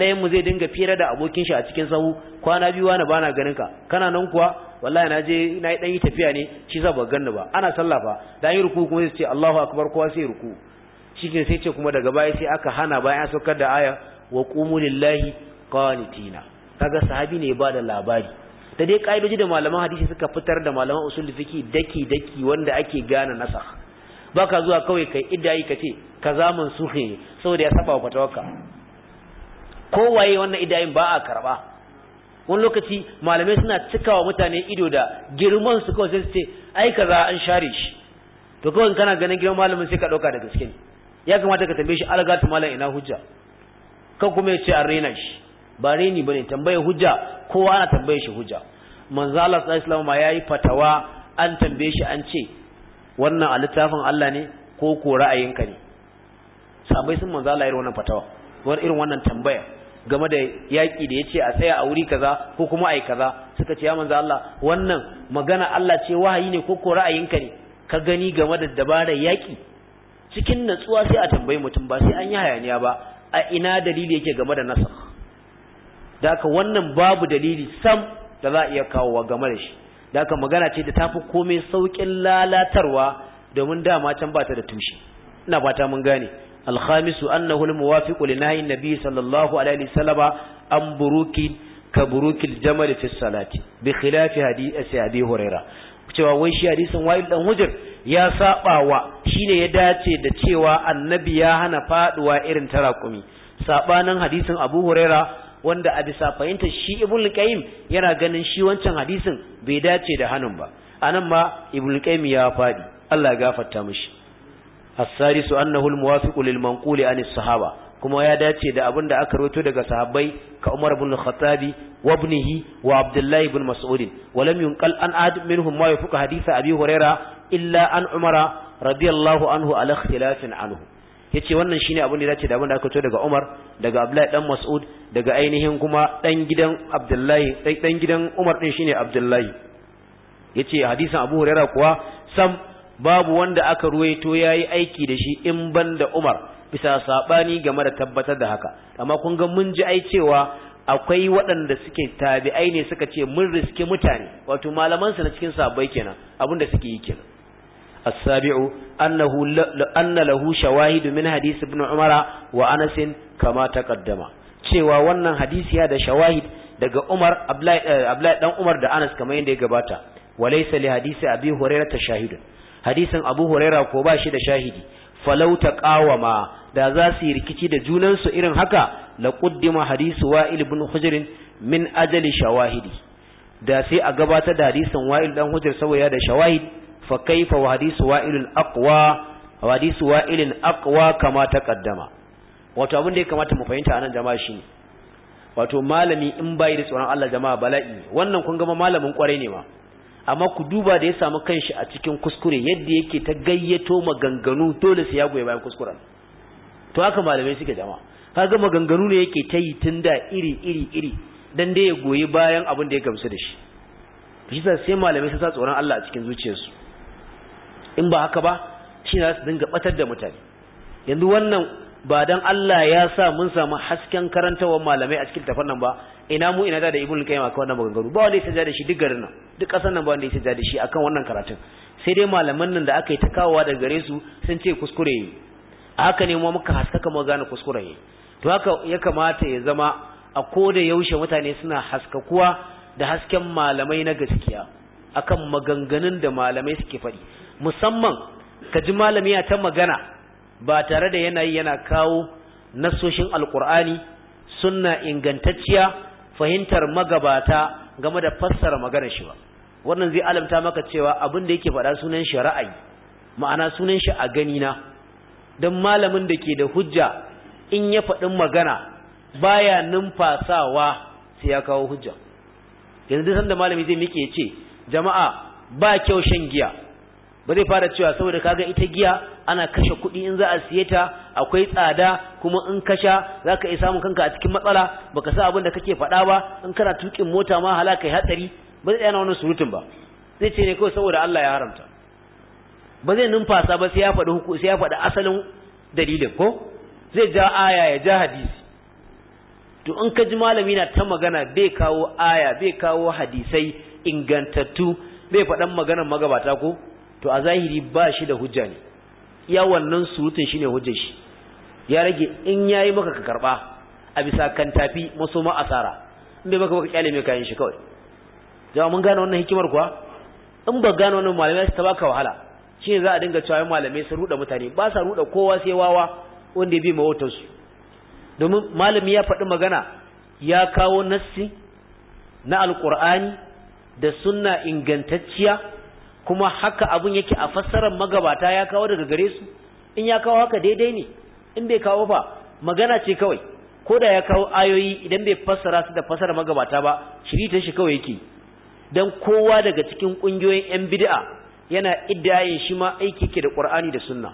ɗayan mu zai dinga fira da abokin shi a cikin sahu kwana biyu wani bana ganin ka kana nan kuwa wallahi na je na yi dan yi tafiya ne shi za ba ganni ba ana sallah fa da yi ruku kuma sai ce Allahu akbar kowa sai ruku ke sai ce kuma daga baya sai aka hana bayan saukar da aya wa qumu lillahi qanitina kaga sahabi ne ba da labari da dai kaidoji da malaman hadisi suka fitar da malaman usul fiqi daki daki wanda ake gane nasakh baka zuwa kawai kai yi kace kaza mansuhi saboda ya saba wa fatawarka kowaye wannan idayin ba a karba wani lokaci malamai suna cikawa mutane ido da girman su kawai sai su ce ai kaza an share shi to kawai kana ganin girman malamin sai ka dauka da gaske ne ya kamata ka tambaye shi algatu malam ina hujja ka kuma ya ce an rena shi ba reni bane tambaye hujja kowa ana tambaye shi hujja manzo Allah sallallahu alaihi wasallam ma yayi fatawa an tambaye shi an ce wannan a littafin Allah ne ko ko ra'ayinka ne sabai sun manzo Allah irin wannan fatawa war irin wannan tambaya game da yaƙi da ya ce a tsaya a wuri kaza ko kuma a yi kaza suka ce ya manza Allah wannan magana Allah ce wahayi ne ko ko ra'ayinka ne ka gani game da dabarar yaƙi cikin natsuwa sai a tambayi mutum ba sai an yi hayaniya ba a ina dalili yake game da nasar da haka wannan babu dalili sam da za a iya kawo kawowa game da shi da haka magana ce da tafi komai sauƙin lalatarwa domin dama can ba ta da tushe ina fata mun gane الخامس أنه الموافق لنهي النبي صلى الله عليه وسلم أن بروك كبروك الجمل في الصلاة بخلاف حديث أبي هريرة cewa wai shi hadisin wa'il dan hujr ya wa shine ya dace da cewa annabi ya hana faduwa irin tarakumi sabanan hadisin Abu Huraira wanda a bisa fahimta shi ibnu Qayyim yana ganin shi wancan hadisin bai dace da hanun ba anan ma ibnu Qayyim ya fadi Allah ya gafarta mishi as-sarisu annahu al-muwafiqu lil manquli an sahaba kuma ya dace da abin da aka rawaito daga sahabbai ka Umar ibn al-Khattabi wa ibnihi wa Abdullah ibn Mas'ud wa lam yunqal an ahad minhum ma yafuqu hadith Abi Huraira illa an Umar radiyallahu anhu ala ikhtilafin anhu yace wannan shine abin da ya dace da abin da aka rawaito daga Umar daga Abdullah dan Mas'ud daga ainihin kuma dan gidan Abdullah dan gidan Umar din shine Abdullah yace hadisin Abu Huraira kuwa sam babu wanda aka ruwaito yayi aiki da shi in da Umar bisa sabani game da tabbatar da haka amma kun ga mun ji ai cewa akwai waɗanda suke tabi'ai ne suka ce mun riske mutane wato malaman su na cikin sahabbai kenan da suke yi kenan as-sabi'u annahu anna lahu shawahid min hadith ibn umara wa anas kama taqaddama cewa wannan hadisi ya da shawahid daga Umar Abdullahi eh, dan Umar da Anas kamar yadda ya gabata walaysa li hadisi Abi Hurairah shahidun hadisin abu huraira ko ba shi da shahidi falau taqawama da za su yi rikici da junansu irin haka la qaddima hadisu wa'il ibn hujr min ajali shawahidi da sai a gabatar da hadisin wa'il dan hujr saboda da shawahid fa kaifa wa hadisu wa'il aqwa wa hadisu wa'il aqwa kama taqaddama wato abin da ya kamata mu fahimta anan jama'a shine wato malami in bai da tsoron Allah jama'a bala'i wannan kun ga malamin kwarai ne ma amma ku duba da ya samu kanshi a cikin kuskure yadda yake ta gayyato maganganu dole sai ya goye bayan kuskuren to haka malamai suke jama'a kaga maganganu ne yake ta yi tun da iri iri iri dan dai ya goyi bayan abin da ya gamsu da shi shi sai malamai su sa tsoron Allah a cikin zuciyarsu in ba haka ba shi na su dinga batar da mutane yanzu wannan ba dan Allah ya sa mun samu hasken karantawar malamai a cikin tafarnan ba ina mu ina da da ibnu kayyim akan wannan maganganu ba wanda ya saja da shi duk garin nan duk kasan nan ba wanda ya saja da shi akan wannan karatun sai dai malaman nan da aka yi ta kawowa daga gare su sun ce kuskure ne a haka ne mu muka haskaka mu gane kuskure ne to haka ya kamata ya zama a ko da yaushe mutane suna kuwa da hasken malamai na gaskiya akan maganganun da malamai suke faɗi musamman ka ji malami ya ta magana ba tare da yanayi yana kawo nasoshin alkur'ani sunna ingantacciya fahimtar magabata game da fassara maganar shi ba wannan zai alamta maka cewa abin da yake faɗa sunan shi ra'ayi ma'ana sunan shi a gani na don malamin da ke da hujja in ya faɗin magana baya numfasawa sai ya kawo hujja yanzu sanda malami zai miƙe ce jama'a ba kyau shan giya ba zai fara cewa saboda kaga ita giya ana kashe kuɗi in za a siye ta akwai tsada kuma in kasha za ka iya samun kanka a cikin matsala ba ka sa abin da kake faɗa ba in kana tukin mota ma halaka yi hatsari ba zai yana wani surutun ba zai ce ne kawai saboda Allah ya haramta ba zai numfasa ba sai ya faɗi sai ya faɗi asalin dalilin ko zai ja aya ya ja hadisi to in ka ji malami na ta magana bai kawo aya bai kawo hadisai ingantattu bai faɗan maganar magabata ko to a zahiri ba shi da hujja ne ya wannan surutun shine hujjar shi ya rage in yayi maka ka karba a bisa kan tafi maso ma asara in bai maka baka kyale mai kayan shi kawai jama mun gane wannan hikimar kuwa in ba gane wannan malamai su ta baka wahala shine za a dinga cewa malamai su ruɗa mutane ba sa ruda kowa sai wawa wanda ya bi mawautar su domin malami ya faɗi magana ya kawo nassi na Alƙur'ani da sunna ingantacciya kuma haka abun yake a fassarar magabata ya kawo daga gare su in ya kawo haka daidai ne in bai kawo ba magana ce kawai ko da ya kawo ayoyi idan bai fassara su da fassarar magabata ba ta shi kawai yake dan kowa daga cikin kungiyoyin yan bid'a yana iddayin shi ma aiki ke da Qur'ani da Sunna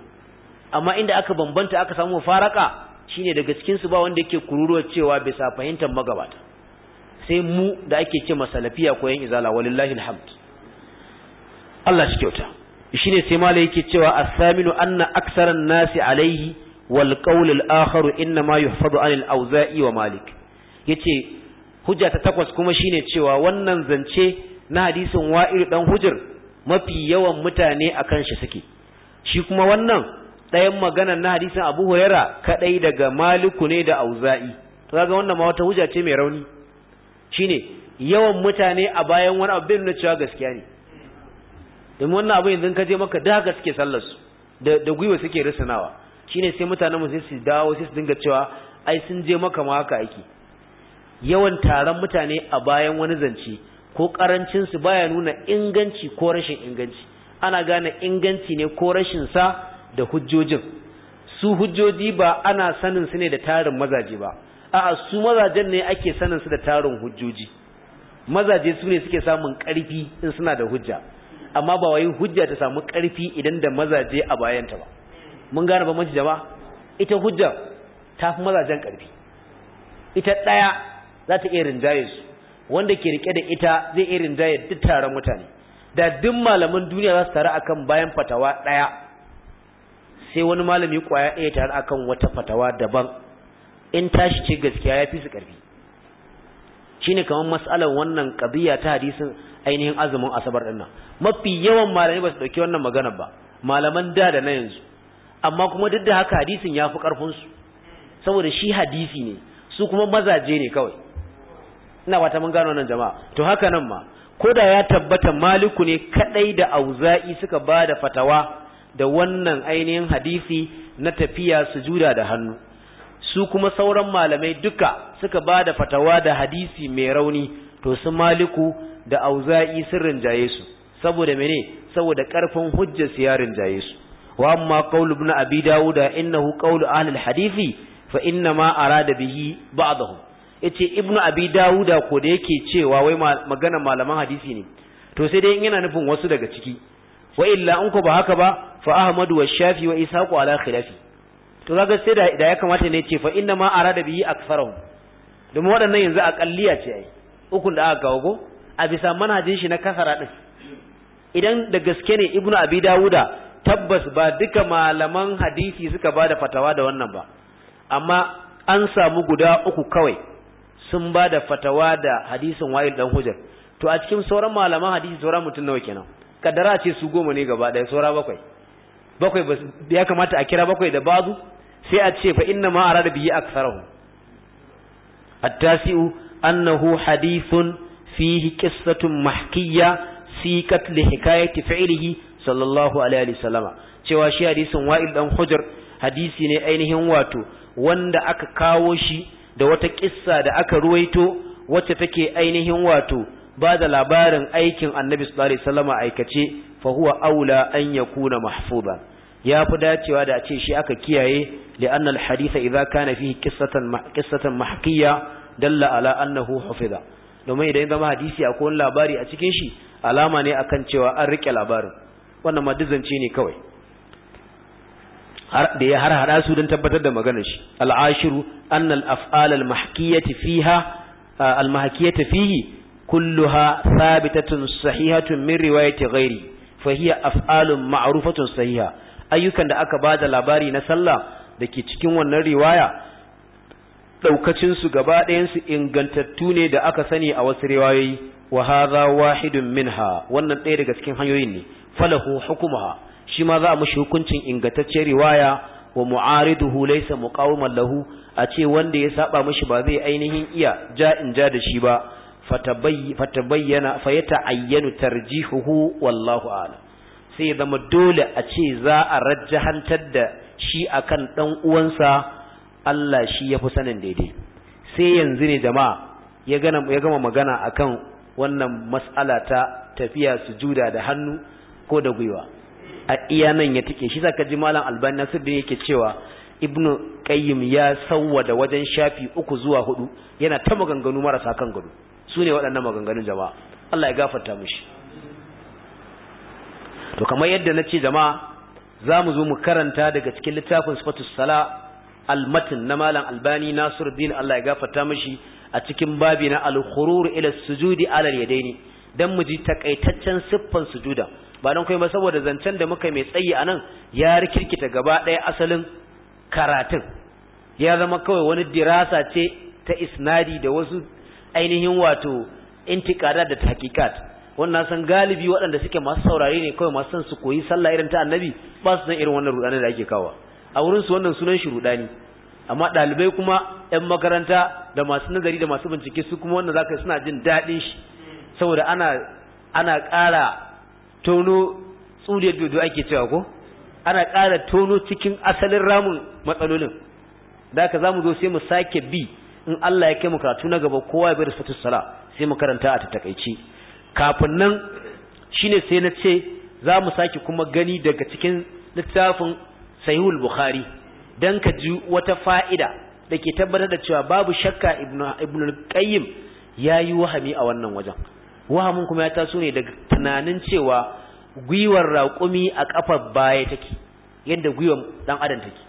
amma inda aka bambanta aka samu faraka shine daga cikin su ba wanda yake kururuwa cewa bisa fahimtar magabata sai mu da ake ce masalafiya ko yan izala walillahi alhamdulillah. Allah shi kyauta shi ne sai mala yake cewa asaminu anna aksaran nasi alaihi wal qawl al-akhar inna ma yuhfadu anil auza'i wa malik yace hujja ta takwas kuma shine cewa wannan zance na hadisin wa'iru dan hujr mafi yawan mutane akan shi suke shi kuma wannan ɗayan magana na hadisin Abu Huraira kadai daga Maliku ne da Auza'i to kaga wannan ma wata hujja ce mai rauni shine yawan mutane a bayan wani abin na cewa gaskiya ne domin wannan abin yanzu ka je maka da haka suke sallar da da gwiwa suke risanawa shine sai mutanen mu sai dawo sai su dinga cewa ai sun je maka ma haka aiki yawan taron mutane a bayan wani zance ko karancin su baya nuna inganci ko rashin inganci ana gane inganci ne ko rashin sa da hujjojin su hujjoji ba ana sanin su ne da tarin mazaje ba a'a su mazajen ne ake sanin su da tarin hujjoji mazaje su ne suke samun karfi in suna da hujja amma ba wai hujja ta samu ƙarfi idan da mazaje a bayanta ba mun gane ba mace jama'a ita hujja ta fi mazajen ƙarfi. ita daya za ta iya rinjaye su wanda ke rike da ita zai iya rinjaye duk taron mutane da duk malaman duniya za su taru akan bayan fatawa ɗaya, sai wani malami kwaya ɗaya taru akan wata fatawa daban in tashi ce gaskiya ya fi su karfi shine kamar mas'alar wannan qadiya ta hadisin ainihin azumin asabar din nan mafi yawan malamai ba su dauki wannan magana ba malaman da da na yanzu amma kuma duk da haka hadisin ya fi karfin su saboda shi hadisi ne su kuma mazaje ne kawai ina fata mun gano nan jama'a to haka nan ma ko da ya tabbata maliku ne kadai da auza'i suka ba da fatawa da wannan ainihin hadisi na tafiya sujuda da hannu su kuma sauran malamai duka suka ba da fatawa da hadisi mai rauni to su maliku da auza'i sun rinjaye su saboda mene saboda karfin hujjar su ya rinjaye su wa amma qaul ibn abi dawuda innahu qaul ahli alhadisi fa inna ma arada bihi ba'dahum yace ibn abi dawuda ko da yake cewa wai magana malaman hadisi ne to sai dai in yana nufin wasu daga ciki wa illa in ko ba haka ba fa ahmadu wa shafi wa ishaq ala khilafi to kaga sai da ya kamata ne ce fa inna ma arada bihi aktharuhum domin waɗannan yanzu a akalliya ce ai ukun da aka kawo a bisa manhajin shi na kasara din idan da gaske ne ibnu abi dawuda tabbas ba duka malaman hadisi suka ba da fatawa da wannan ba amma an samu guda uku kawai sun ba da fatawa da hadisin wa'il dan hujjar to a cikin sauran malaman hadisi sauran mutum nawa kenan kadara ce su goma ne gaba saura bakwai bakwai ya kamata a kira bakwai da bazu sai a ce fa inna ma arada bihi aktsarahu at-tasi'u annahu hadithun fihi qissatun mahkiyya siqat li hikayati fi'lihi sallallahu alaihi wasallama cewa shi hadisin wa'il dan hujar hadisi ne ainihin wato wanda aka kawo shi da wata kissa da aka ruwaito wacce take ainihin wato ba da labarin aikin annabi sallallahu alaihi aikace fa huwa aula an yakuna mahfuza ya fi dacewa da a ce shi aka kiyaye li'anna al-haditha idza kana fihi qissatan qissatan mahkiya dalla ala annahu hufiza domin idan zama hadisi a kowane labari a cikin shi alama ne akan cewa an rike labarin wannan ma ne kawai da ya harhaɗa su don tabbatar da maganar shi al'ashiru an al'af'al al-mahkiyati fiha al-mahkiyati fihi kulluha thabitatun sahihatun min riwayati ghairi fa hiya af'alun ma'rufatun sahiha ayyukan da aka bada labari na sallah da ke cikin wannan riwaya ɗaukacinsu gaba ɗayansu ingantattu ne da aka sani a wasu riwayoyi wa hadha wahidun minha wannan ɗaya daga cikin hanyoyin ne falahu hukumaha shi ma za a mushi hukuncin ingantacciyar riwaya wa mu'ariduhu laysa muqawiman lahu a ce wanda ya saba mashi ba zai ainihin iya ja in ja da shi ba fatabayyana fayata'ayyanu tarjihuhu wallahu a'lam sai zama dole a ce za a rajjahantar da shi akan dan uwansa Allah shi ya fi sanin daidai sai yanzu ne jama'a ya gama magana akan wannan mas'ala ta tafiya sujuda da hannu ko da gwiwa a iya nan ya tike shi zaka ji malam albani nasiruddin yake cewa ibnu qayyim ya da wajen shafi uku zuwa hudu yana ta maganganu marasa kan gado sune ne waɗannan maganganun jama'a Allah ya gafarta shi to kamar yadda na ce jama'a zamu zo mu karanta daga cikin littafin sifatus sala almatin na malam albani nasiruddin Allah ya gafarta mishi a cikin babi na al-khurur ila sujudi ala yadaini dan mu ji takaitaccen siffan sujuda ba dan kai ba saboda zancen da muka mai tsayi anan ya rikirkita gaba ɗaya asalin karatun ya zama kawai wani dirasa ce ta isnadi da wasu ainihin wato intikada da tahqiqat wannan san galibi waɗanda suke masu saurare ne kawai masu san su koyi sallah irin ta annabi ba su san irin wannan rudani da ake kawo a wurin su wannan sunan shi rudani amma dalibai kuma yan makaranta da masu nazari da masu bincike su kuma wannan zaka suna jin daɗin shi saboda ana ana ƙara tono tsuriyar dodo ake cewa ko ana ƙara tono cikin asalin ramin matsalolin da haka zamu zo sai mu sake bi in Allah ya kai mu karatu na gaba kowa ya bar su sala sai mu karanta a tattakaice kafin nan shine sai na ce za mu sake kuma gani daga cikin littafin sahihul bukhari dan ka ji wata fa'ida da ke tabbatar da cewa babu shakka ibn al-qayyim yayi wahami a wannan wajen wahamin kuma ya taso ne daga tunanin cewa gwiwar raƙumi a kafar baya take yadda gwiwar dan adam take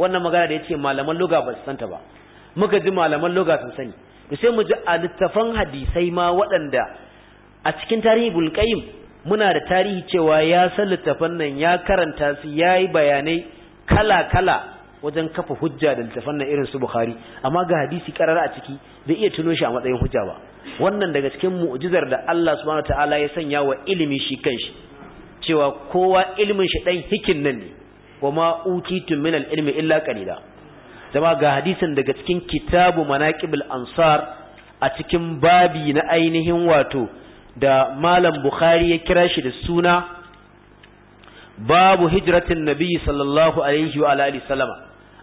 wannan magana da yace malaman lugha ba su santa ba muka ji malaman lugha sun sani to sai mu ji a littafan hadisai ma waɗanda a cikin tarihi bulqayyim muna da tarihi cewa ya san littafan nan ya karanta su yayi bayanai kala-kala wajen kafa hujja da littafan nan irin su Bukhari amma ga hadisi karara a ciki bai iya tuno shi a matsayin hujja ba wannan daga cikin mu'jizar da Allah subhanahu wataala ya sanya wa ilimi shi kanshi cewa kowa ilimin shi dan hikin nan ne wa ma utitum min al-ilmi illa qalila zama ga hadisin daga cikin kitabu manaqibul ansar a cikin babi na ainihin wato da malam Bukhari ya kira shi da suna babu hijratin nabi sallallahu alaihi wa alihi sallama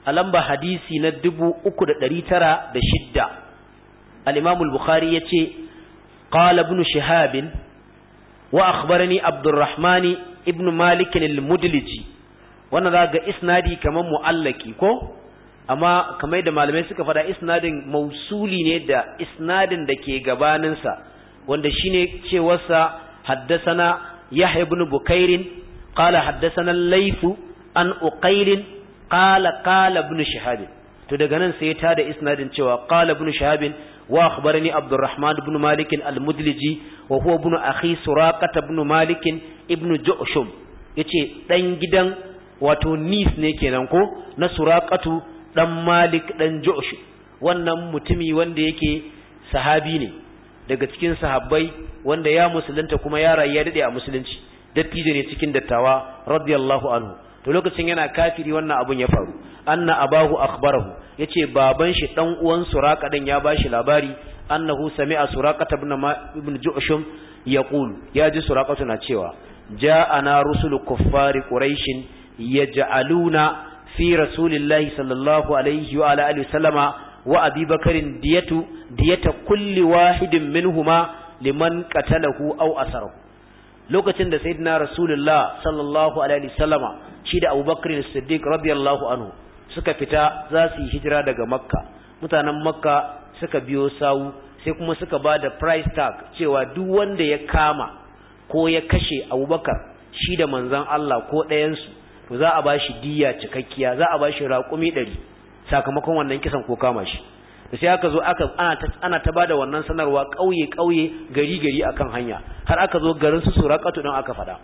a lamba hadisi na 3906 al-imam al-bukhari yace qala ibn shihab wa akhbarani abdurrahman ibn malik al-mudliji wannan zaga isnadi kaman muallaki ko amma kamar da malamai suka fada isnadin mausuli ne da isnadin da ke gabaninsa wanda shine cewarsa haddasana yahya ibn bukairin qala haddathana al-laythu an uqail qala qala ibn to daga nan sai ya tada isnadin cewa qala ibn shihab wa akhbarani abdurrahman ibn malik al-mudliji wa huwa ibn akhi suraqah ibn malik ibn ju'shum yace dan gidan wato nis ne kenan ko na suraqatu dan malik dan ju'shum wannan mutumi wanda yake sahabi ne daga cikin sahabbai wanda ya musulunta kuma ya rayu ya dade a musulunci dattijo ne cikin dattawa radiyallahu anhu to lokacin yana kafiri wannan abun ya faru anna abahu akhbarahu yace baban shi dan uwan suraka din ya bashi labari annahu sami'a suraka ibn ibn ju'shum yaqul ya ji suraka na cewa ja'ana rusulu kuffari quraish yaj'aluna fi rasulillahi sallallahu alaihi wa ala alihi sallama wa abi bakarin diyatu diyata kulli wahidin minhuma liman qatalahu aw asarahu lokacin da sayyidina rasulullah sallallahu alaihi wasallama shi da abubakar siddiq radiyallahu anhu suka fita za su yi hijira daga makka mutanen makka suka biyo sawu sai kuma suka ba da price tag cewa duk wanda ya kama ko ya kashe abubakar shi da manzon Allah ko ɗayansu to za a ba shi diya cikakkiya za a ba shi raƙumi ɗari sakamakon wannan kisan ko kama shi da sai aka zo aka ana ta bada wannan sanarwa kauye kauye gari gari akan hanya har aka zo garin su suraqatu dan aka fada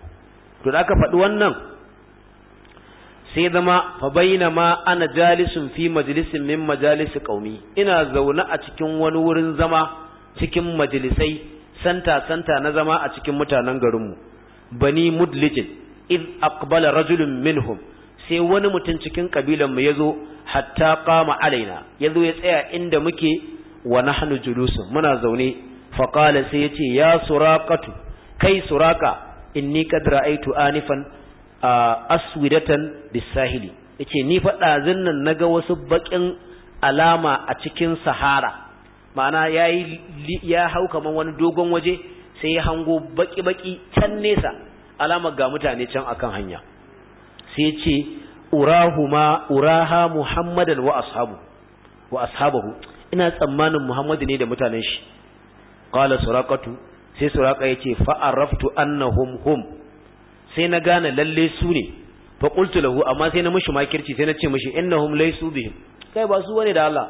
to da aka fadi wannan sai zama fa bainama ana jalisun fi majlisin min majalisi qaumi ina zaune a cikin wani wurin zama cikin majalisai santa santa na zama a cikin mutanen garin mu bani mudlijin id aqbala rajulun minhum sai wani mutum cikin kabilan mu yazo hatta qama alaina yanzu ya tsaya inda muke wa nahnu julusun muna zaune fa qala sai yace ya suraqatu kai suraka inni qad ra'aytu anifan aswidatan bisahili yace ni fa dazin nan naga wasu bakin alama a cikin sahara ma'ana yayi ya hau kaman wani dogon waje sai ya hango baki baki can nesa alama ga mutane can akan hanya sai yace urahuma uraha muhammadan wa ashabu wa ashabahu ina tsammanin muhammadu ne da mutanen shi qala suraqatu sai suraqa yace fa araftu annahum hum sai na gane lalle su ne fa qultu lahu amma sai na mishi makirci sai na ce mishi innahum laysu bihim kai ba su wani da Allah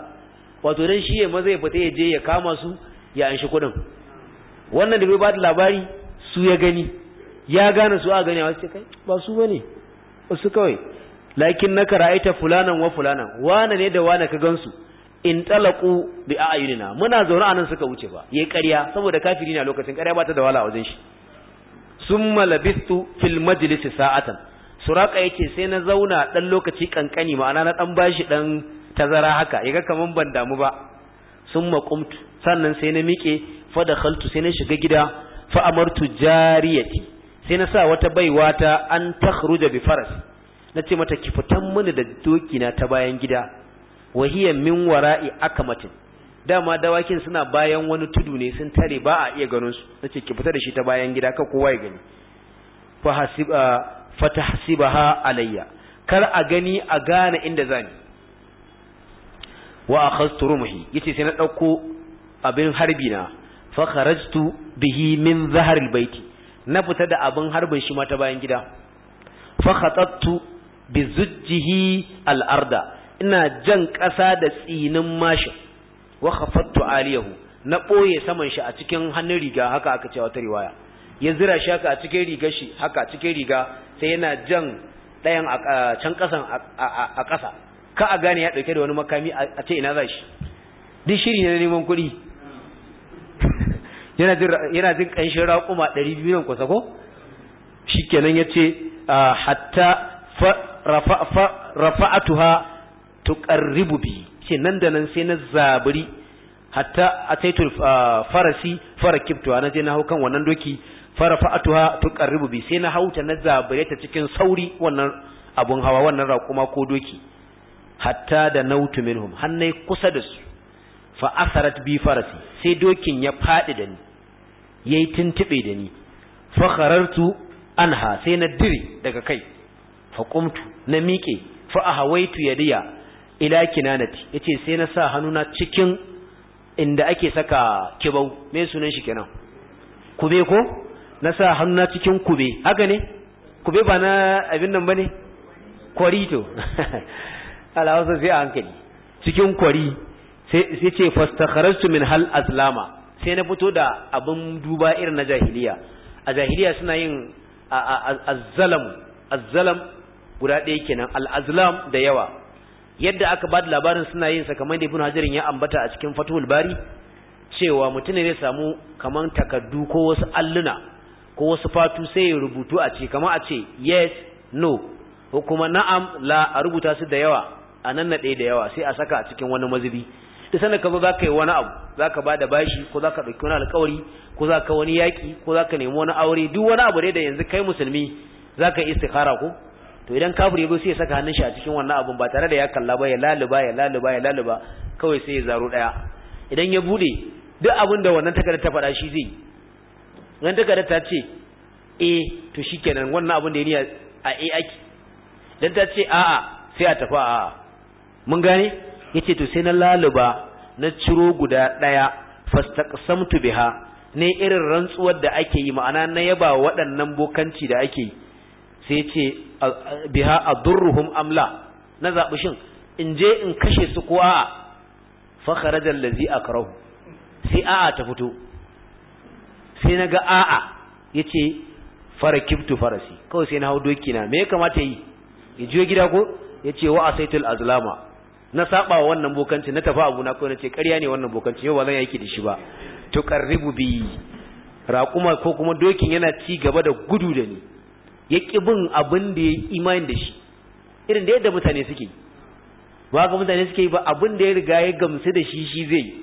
wato dan shi ya maza ya fita ya je ya kama su ya anshi kudin wannan da bai ba da labari su ya gani ya gane su a gani a wasu kai ba su bane su kawai lakin naka ra'aita fulanan wa fulanan wane ne da wane ka gansu in talaku bi a'yunina muna zaune anan suka wuce ba yayi ƙarya saboda kafiri ne a lokacin ƙarya ba ta da wala a wajen shi summa labistu fil majlis sa'atan suraka yace sai na zauna dan lokaci kankani ma'ana na dan bashi dan tazara haka yaga kaman ban damu ba summa qumtu sannan sai na miƙe fa da khaltu sai na shiga gida fa amartu jariyati sai na sa wata baiwa ta an takhruja bi farasi na ce mata ki fitan mini da doki na ta bayan gida wahiyan min wara'i akamatin dama dawakin suna bayan wani tudu ne sun tare ba a iya ganin su nace ki fita da shi ta bayan gida ka kowa ya gani fa hasiba fatahsibaha alayya kar a gani a gane inda zani wa akhadtu rumhi yace sai na dauko abin harbi na fa kharajtu bihi min zahril baiti na fita da abin harbin shi ma ta bayan gida fa khatattu bi zujjihi al'arda ina jan ƙasa da tsinin mashin wa khafattu aliyahu na ɓoye saman shi a cikin hannun riga haka aka ce wata riwaya ya zira shi haka a cikin riga shi haka a cikin riga sai yana jan ɗayan a can ƙasan a ƙasa ka a gane ya ɗauke da wani makami a ce ina za shi duk shiri ne na neman kuɗi yana jin ƙanshin raƙuma ɗari biyu nan kusa ko shi kenan ya ce ah, hatta rafa'atuha tuqarribu bi ce nan da nan sai na zaburi hatta ataitu ah, farasi farakibtu na je na hau kan wannan doki farafa'atuha tuqarribu bi sai na hauta na zabure ta cikin sauri wannan abun hawa wannan raƙuma ko doki hatta da nautu minhum hannai kusa da su fa asarat bi farasi sai dokin ya faɗi da ni yayi tuntube da ni fa kharartu anha sai na dire daga kai faƙumtu na miƙe fa a hawaitu yadiya ila kinanati yace sai na sa hannuna cikin inda ake saka kibau me sunan shi kenan kube ko na sa hannuna cikin kube haka ne kube ba na abin nan bane kwarito alawasa sai a hankali cikin kwari sai ce fastakharastu min hal azlama sai na fito da abin duba irin na jahiliya a jahiliya suna yin azzalam azzalam guda ɗaya kenan al da yawa yadda aka ba da labarin suna yin sa kamar da ibn hajarin ya ambata a cikin fatuhul bari cewa mutum ne zai samu kamar takardu ko wasu alluna ko wasu fatu sai ya rubutu a ce kama a ce yes no ko kuma na'am la a rubuta su da yawa a nan naɗe da yawa sai a saka a cikin wani mazubi da sana ka zo za ka yi wani abu za ka ba da bashi ko za ka ɗauki wani alkawari ko za ka wani yaƙi ko za ka nemi wani aure duk wani abu ne da yanzu kai musulmi za ka yi istikhara ko to idan kafiri yazo sai ya saka hannun shi a cikin wannan abun ba tare da ya kalla ba ya laluba ya laluba ya laluba kawai sai ya zaro daya idan ya bude duk abin da wannan takarda ta faɗa shi zai wannan takarda ta ce eh to shikenan wannan abin da ya ni a eh ake dan ta ce a'a sai a tafi a'a mun gane yace to sai na laluba na ciro guda daya fastaqsamtu biha ne irin rantsuwar da ake yi ma'ana na yaba waɗannan bokanci da ake yi sai ce biha adurruhum amla na zaɓi shin in je in kashe su ko a'a fa lazi a akrahu sai a'a ta fito sai naga a'a yace farakibtu farasi kawai sai na hau doki na me ya kamata yi ya jiyo gida ko yace wa asaitul azlama na saba wa wannan bokanci na tafi abu na kawai nace ƙarya ne wannan bokanci yau ba zan yaki da shi ba to qarribu bi raquma ko kuma dokin yana ci gaba da gudu da ni ya ƙi bin abin da ya imani da shi irin da yadda mutane suke yi ba ga mutane suke yi ba abin da ya riga ya gamsu da shi shi zai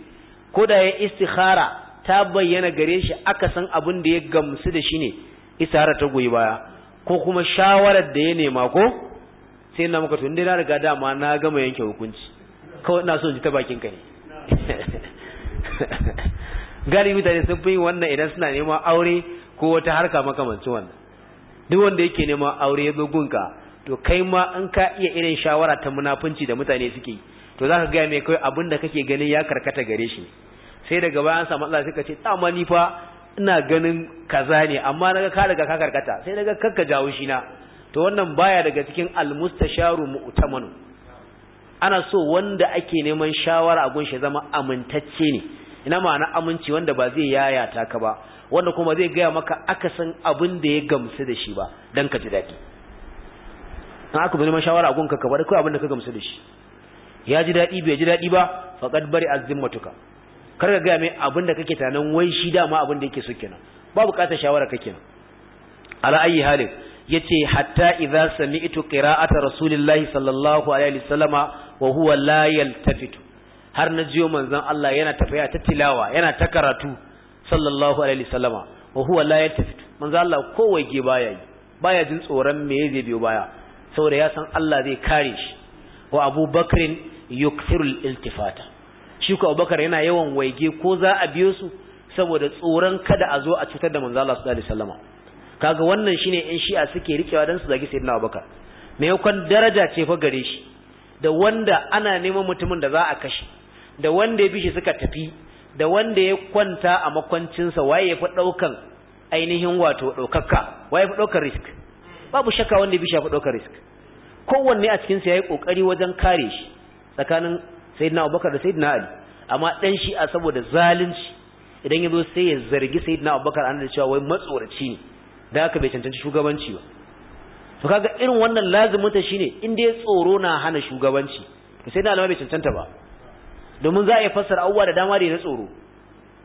ko da ya istikhara ta bayyana gare shi aka san abin da ya gamsu da shi ne istihara ta goyi baya ko kuma shawarar da ya nema ko sai na muka tunde na riga dama na gama yanke hukunci kawai ina so ji ta bakin ka ne Gani mutane sun fi wannan idan suna neman aure ko wata harka makamancin wannan duk wanda yake nema aure ya zo gunka to kai ma in ka iya irin shawara ta munafunci da mutane suke to za ka gaya mai kai abin da kake ganin ya karkata gare shi sai daga bayan samu Allah suka ce ta ni fa ina ganin kaza ne amma naga ka daga ka karkata sai daga kakka jawo shi na to wannan baya daga cikin almustasharu mu'tamanu ana so wanda ake neman shawara a gunshi zama amintacce ne ina ma'ana aminci wanda ba zai yayata ka ba wanda kuma zai gaya maka akasin abin da ya gamsu da shi ba don ka ji daɗi Na aka neman shawara a gunka ka bari kawai abin da ka gamsu da shi ya ji daɗi bai ji daɗi ba faƙad bari matuka. kar ka gaya mai abin da kake tunanin wai shi dama abin da yake so kenan ba buƙatar shawara ka nan ala ayi halin ce, hatta idza sami'tu qira'ata rasulillahi sallallahu alaihi wasallama wa huwa la yaltafitu har na jiyo manzon Allah yana tafiya ta tilawa yana ta karatu sallallahu alaihi wasallama wa huwa la yaltafit manzo Allah kowai baya yi baya jin tsoron me zai biyo baya saboda ya san Allah zai kare shi wa Abu Bakr yukthirul iltifata shi ko Abubakar yana yawan waige ko za a biyo su saboda tsoron kada a zo a cutar da manzo Allah sallallahu alaihi wasallama kaga wannan shine in shi'a suke rikewa dan su zagi sayyidina Abubakar me yakan daraja ce fa gare shi da wanda ana neman mutumin da za a kashe da wanda ya bi suka tafi da wanda ya kwanta a makwancinsa waye ya fi ɗaukan ainihin wato ɗaukaka waye ya fi ɗaukan risk babu shakka wanda ya bi shi ya fi risk kowanne a cikinsa ya yi ƙoƙari wajen kare shi tsakanin sayidina abubakar da sayidina ali amma ɗan shi a saboda zalunci idan ya zo sai ya zargi sayidina abubakar an da cewa wai matsoraci ne da haka bai cancanci shugabanci ba to kaga irin wannan lazumin ta shine in dai tsoro na hana shugabanci sai na alama bai cancanta ba domin za a yi fassara abubuwa da dama da na tsoro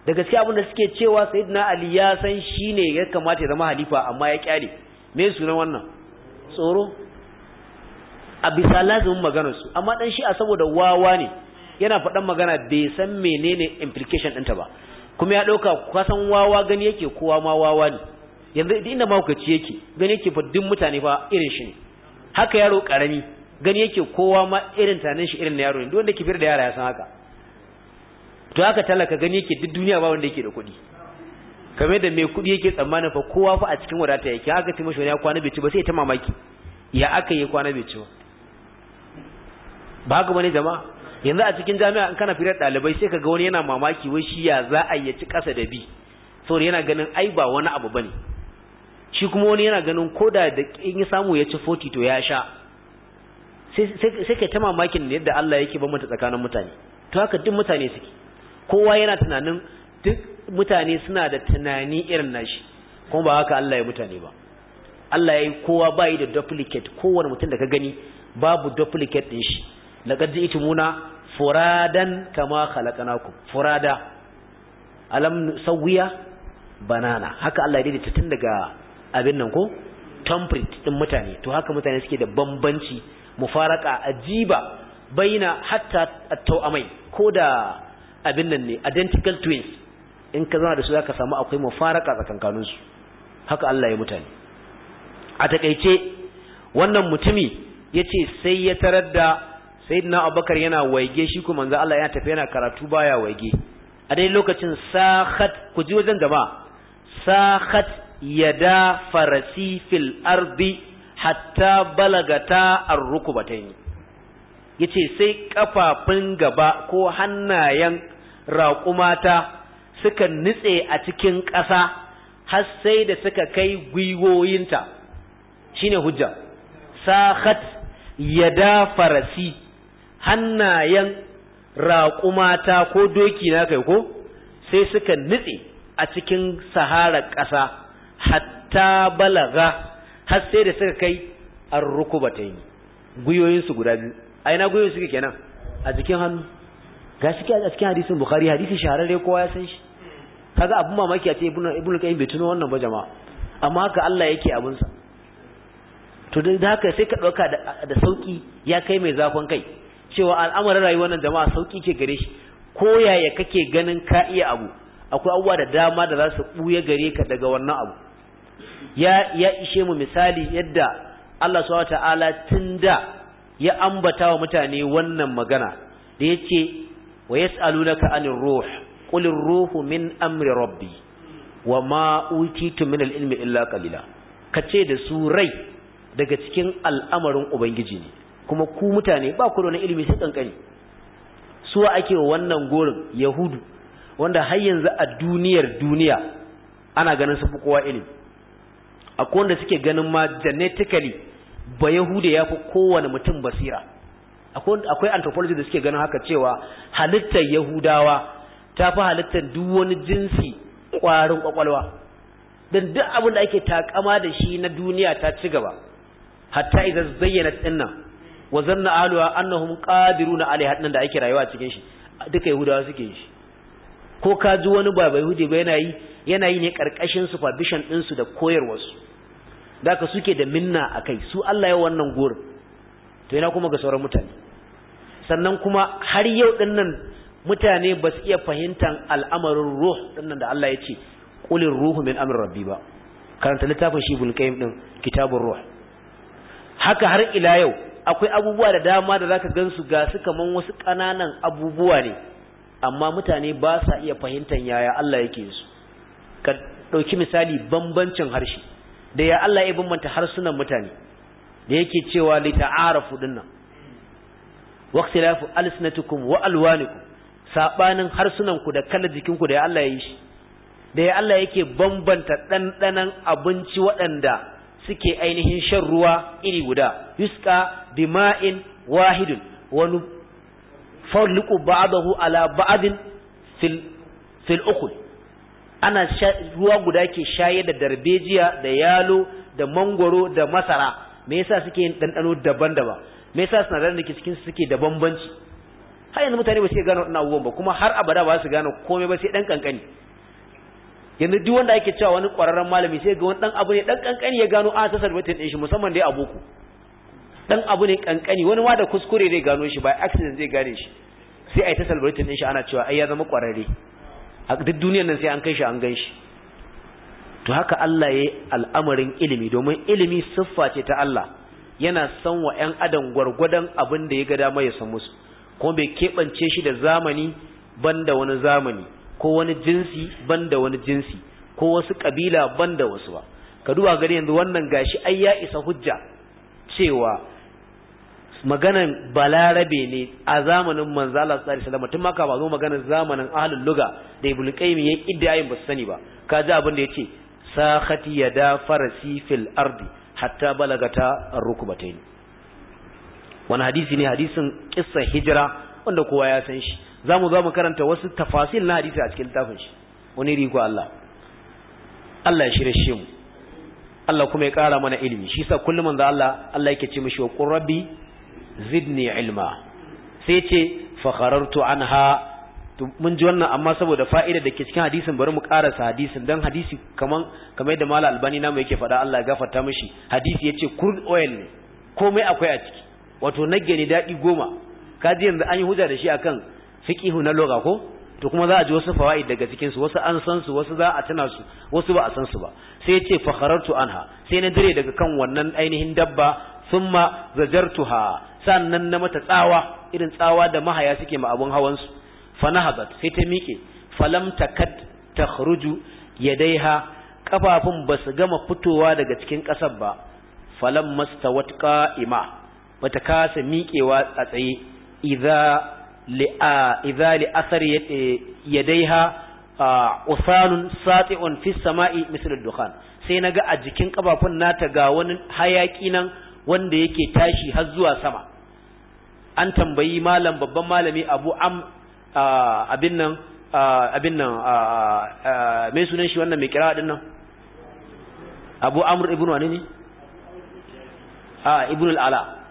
da gaske abin da suke cewa sayyidina ali ya san shine ya kamata ya zama halifa amma ya kyale me sunan wannan tsoro a bisa lazimin maganar su amma dan shi a saboda wawa ne yana faɗan magana bai san menene implication ɗinta ba kuma ya ɗauka kasan wawa gani yake kowa ma wawa ne yanzu inda mahaukaci yake gani yake fa duk mutane fa irin shi ne haka yaro ƙarami gani yake kowa ma irin tanin shi irin na yaro ne duk wanda kifir da yara ya san haka to haka talaka gani yake duk duniya ba wanda yake da kuɗi kamar da mai kuɗi yake tsammanin fa kowa fa a cikin wadata yake haka ce mashi ya kwana bai ci ba sai ta mamaki ya aka yi kwana bai ci ba ba haka bane jama'a yanzu a cikin jami'a in kana firar ɗalibai sai kaga wani yana mamaki wai shi ya za a yi ci ƙasa da bi saboda yana ganin ai ba wani abu bane shi kuma wani yana ganin koda da in ya samu ya ci 40 to ya sha sai sai kai ta mamakin yadda Allah yake bambanta tsakanin mutane to haka duk mutane suke kowa yana tunanin duk mutane suna da tunani irin nashi kuma ba haka Allah ya mutane ba Allah ya yi kowa bayi da duplicate kowane mutum da ka gani babu duplicate din shi laqad muna furadan kama khalaqnakum furada alam sawiya banana haka Allah ya daidaita tun daga abin nan ko temperate din mutane to haka mutane suke da bambanci mufaraka ajiba baina hatta at-tawamai ko da abin nan ne identical twins in ka zama da su zaka samu akwai mufaraka tsakankanin su haka Allah ya mutane a takeice wannan mutumi yace sai ya tarar da sayyidina Abubakar yana waige shi kuma manzo Allah ya tafi yana karatu baya waige a dai lokacin sahat ku ji wajen gaba sahat yada farasi fil ardi hatta balagata ar yace sai kafafun gaba ko hannayen raƙumata suka nitse a cikin ƙasa har sai da suka kai gwiwoyinta shine hujja sahat yada farasi hannayen raƙumata ko doki na kai ko sai suka nitse a cikin sahara ƙasa hatta balaga har sai da suka kai an rukubatai gwiwoyinsu guda biyu a ina gwiwoyin suke kenan a jikin hannu ga shi a cikin hadisin bukhari hadisi shahararre kowa ya san shi kaga abun mamaki a ce ibnu qayyim bai tuno wannan ba jama'a amma haka Allah yake abun sa to da haka sai ka dauka da sauki ya kai mai zafin kai cewa al'amarin rayuwar nan jama'a sauki ke gare shi ko yaya kake ganin ka iya abu akwai abubuwa da dama da za su buya gare ka daga wannan abu ya ya ishe mu misali yadda Allah subhanahu wataala tun da ya ambata wa mutane wannan magana da yace wa yas'alunaka anir ruh qul ruhu min amri rabbi wa ma utitu min al-ilmi illa qalila kace da su rai daga cikin al'amarin ubangiji ne kuma ku mutane ba ku da wani ilimi sai kankani suwa ake wannan gorin yahudu wanda har yanzu a duniyar duniya ana ganin su kowa ilimi akwai wanda suke ganin ma genetically ba yahuda fi kowane mutum basira akwai anthropology da suke ganin haka cewa halittar yahudawa ta fi halittar duk wani jinsi ƙwarin ƙwaƙwalwa don duk abin da ake takama da shi na duniya ta ci gaba hatta idan zayyana tsinna wa zanna aluwa annahum qadiruna alai hadin da ake rayuwa cikin shi duka yahudawa suke yi ko ka ji wani baba yahudi ba yana yi yana yi ne karkashin supervision din su da koyarwarsu da ka suke da minna akai su Allah ya wannan gurin to yana kuma ga sauran mutane sannan kuma har yau din nan mutane ba su iya fahimtar al'amarin ruh din nan da Allah ya ce qulir ruhu min amri rabbi ba karanta littafin shi bulqaim din kitabur ruh haka har ila yau akwai abubuwa da dama da zaka gansu ga su kaman wasu kananan abubuwa ne amma mutane ba sa iya fahimtar yaya Allah yake su ka dauki misali bambancin harshe da ya Allah ya bambanta harsunan mutane da yake cewa li ta'arafu dinnan waqtilafu alsinatukum wa alwanikum sabanin harsunan ku da kalar jikin ku da ya Allah ya yi shi da ya Allah yake bambanta dandanan abinci waɗanda suke ainihin shan ruwa iri guda yusqa bima'in wahidun wa nufarliqu ba'dahu ala ba'din fil fil ukhul ana ruwa guda ke shaye da darbejiya da yalo da mangoro da masara me yasa suke yin dandano daban-daban me yasa ranar da ke cikin suke da bambanci har yanzu mutane ba su gane wannan abubuwan ba kuma har abada ba su gane komai ba sai dan kankani yanzu duk wanda ake cewa wani kwararren malami sai ga wani dan abu ne dan kankani ya gano a tasar batin din shi musamman dai aboku dan abu ne kankani wani ma da kuskure zai gano shi ba accident zai gane shi sai ai ta salbatin din shi ana cewa ai ya zama kwararre a duk duniyar nan sai an kai shi an gan shi to haka Allah ya yi al'amarin ilimi domin ilimi siffa ce ta Allah yana san wa ‘yan adam gwargwadon abin da ya ga dama ya san musu kuma bai keɓance shi da zamani ban da wani zamani ko wani jinsi ban da wani jinsi ko wasu kabila ban da wasu ba ka duba gani yanzu wannan gashi ai ya isa hujja cewa maganan balarabe ne a zamanin manzo Allah sallallahu alaihi wasallam tun ma ka ba zo maganar zamanin ahlul luga da ibnu qayyim ya iddayin ba sani ba ka ji abin da yace sakati yada farasi sifil ardi hatta balagata rukbatayn wani hadisi ne hadisin kissa hijira wanda kowa ya san shi zamu zo mu karanta wasu tafasil na hadisi a cikin littafin shi wani riko Allah Allah ya shirye shi mu Allah kuma ya kara mana ilimi shi sa kullum manzo Allah Allah yake ce mishi wa qurrabi zidni ilma sai ce fakharartu anha to mun ji wannan amma saboda fa'ida da ke cikin hadisin bari mu karasa hadisin dan hadisi kaman kamar da mala albani namu yake faɗa Allah ya gafarta mishi hadisi yace crude oil ne komai akwai a ciki wato nagge ne dadi goma kaji yanzu an yi hujja da shi akan fiqihu na loga ko to kuma za a ji wasu fawaid daga cikin su wasu an san su wasu za a tana su wasu ba a san su ba sai yace fa kharartu anha sai na dire daga kan wannan ainihin dabba thumma zajartuha sannan na mata tsawa irin tsawa da mahaya suke ma abun hawan su fanahabat sai ta miƙe falam takat takhruju yadaiha kafafun ba su gama fitowa daga cikin ƙasar ba falam mastawat qa'ima bata kasa miƙewa a tsaye idza li'a idza li athar eh, yadaiha usanun sati'un fi sama'i misal dukhan sai naga a jikin kafafun nata ga wani hayaki nan wanda yake tashi har zuwa sama an tambayi malam babban malami Abu Am abin nan abin nan mai sunan shi wannan mai kira din nan abu amur ibn wani ne a ibn al'ala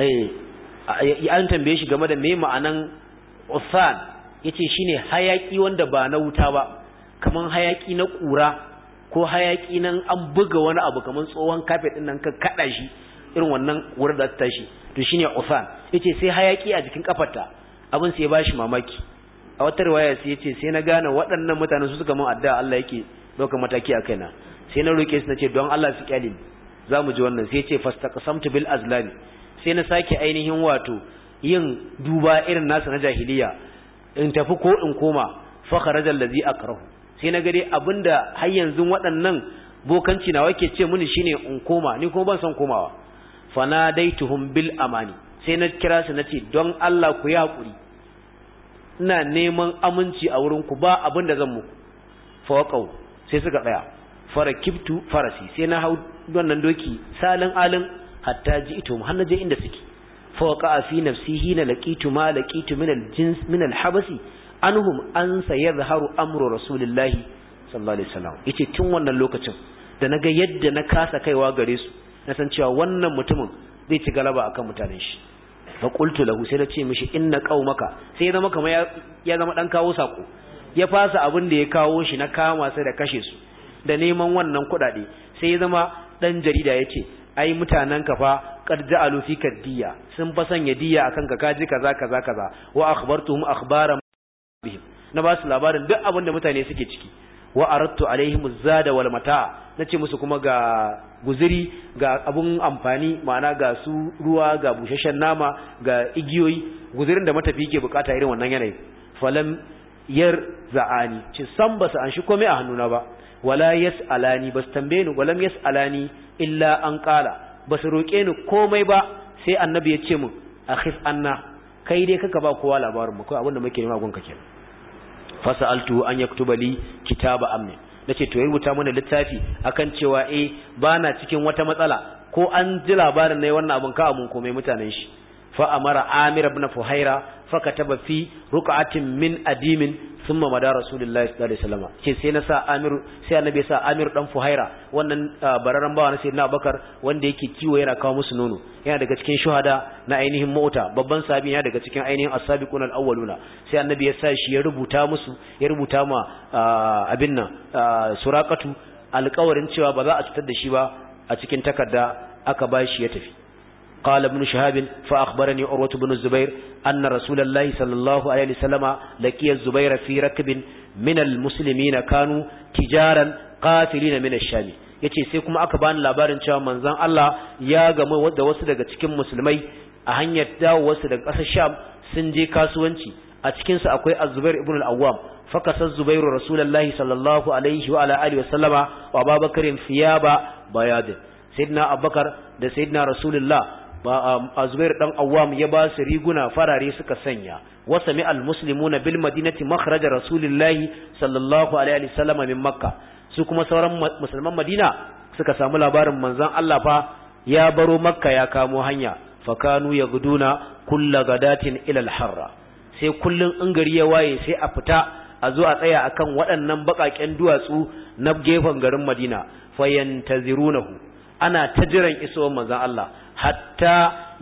eh, an tambaye shi game da mai ma'anan usan ya ce shi ne hayaƙi wanda ba na wuta ba kamar hayaƙi na ƙura ko hayaƙi nan an buga wani abu kamar tsohon kafet ɗin nan ka kaɗa shi irin wannan wurin da ta tashi to shine usan yace sai hayaki a jikin kafarta abin sai ba shi mamaki a wata riwaya sai ya ce sai na gane waɗannan mutanen su suka mun addu'a Allah yake ɗaukar mataki a kaina sai na roke su ce don Allah su kyalin za mu ji wannan sai ya ce fastaqsamtu bil azlan sai na sake ainihin wato yin duba irin nasa na jahiliya in tafi ko in koma fa kharajal ladzi akrahu sai na gare abinda har yanzu waɗannan bokanci na ke ce mini shine in koma ni kuma ban son komawa Fa nadaituhum bil amani sai na kira su na ce don Allah ku yi hakuri ina neman aminci a wurin ku ba abin da zan muku fawaqau sai suka tsaya fara kiftu farasi sai na hau wannan doki salin alin hatta ji ito mu hannaje inda suke fawaqa fi nafsi hina laqitu ma laqitu min al-jins min al-habasi anhum an sayadhharu amru rasulillahi sallallahu alaihi wasallam yace tun wannan lokacin da naga yadda na kasa kaiwa gare su na san cewa wannan mutumin zai ci galaba akan mutanen shi Faƙultu qultu lahu sai na ce mishi inna qaumaka sai ya zama kamar ya zama ɗan kawo sako ya fasa abin da ya kawo shi na kama sai da kashe su da neman wannan kuɗaɗe sai ya zama ɗan jarida ya ce ai mutanen ka fa qad ja'alu ka diya sun fa sanya diya akan kanka kaji kaza kaza kaza wa akhbartuhum akhbara bihim na ba su labarin duk abin da mutane suke ciki wa aradtu alaihim zada wal mata nace musu kuma ga guziri ga abun amfani ma'ana ga su ruwa ga bushashen nama ga igiyoyi guzirin da matafi ke bukata irin wannan yanayi falam yar za'ani ci san ba su an shi komai a hannuna ba wala alani ba su tambaye ni walam al'ani illa an kala ba su roƙe ni komai ba sai annabi ya ce min akhif anna kai dai kaka ba kowa labarin mu kai abin da muke nema gonka kenan fasaltu an yaktuba li kitaba amni Na ce to yi wuta mana littafi akan cewa ba eh bana cikin wata matsala ko an ji labarin ne wannan abin ka mun komai mutanen shi fa amara amir ibn fuhaira fakataba fi ruk'atin min adimin thumma madara. rasulullahi sallallahu alaihi wasallam sai na sa amir sai annabi sa amir dan fuhaira wannan ah, bararan bawa na sayyidina abakar wanda yake kiwo yana kawo musu nono yana daga cikin shuhada na ainihin mota babban sahabi yana daga cikin ainihin as-sabiqun al-awwaluna sai annabi ya sa shi ya rubuta musu ya rubuta ma ah, abin nan ah, suraqatu alƙawarin cewa ba za a cutar da shi ba a cikin takarda aka bashi ya tafi قال ابن شهاب فأخبرني عروة بن الزبير أن رسول الله صلى الله عليه وسلم لقي الزبير في ركب من المسلمين كانوا تجارا قاتلين من الشام yace sai kuma aka bani labarin cewa manzon Allah ya gamu da wasu daga cikin musulmai a hanyar dawo wasu daga ƙasar Sham sun je kasuwanci a cikin su akwai Az-Zubair ibn al-Awwam fakasa Az-Zubair Rasulullahi sallallahu alaihi wa ala alihi wa sallama wa Abu Bakr bayad sayyidina Abubakar da sayyidina Rasulullah Ah, zubair dan awam ya ba su riguna farare suka sanya wa sami almuslimuna bil madinati makhraja rasulillahi sallallahu alaihi sallam min makka su kuma sauran musulman madina suka samu labarin manzon Allah fa ya baro makka ya kamo hanya fakanu yaguduna kulla gadatin ila harra? sai kullun in gari ya waye sai a fita a zo a tsaya akan waɗannan baƙaƙen duwatsu na gefen garin Madina fayantazirunahu ana ta jiran isowar manzon Allah hatta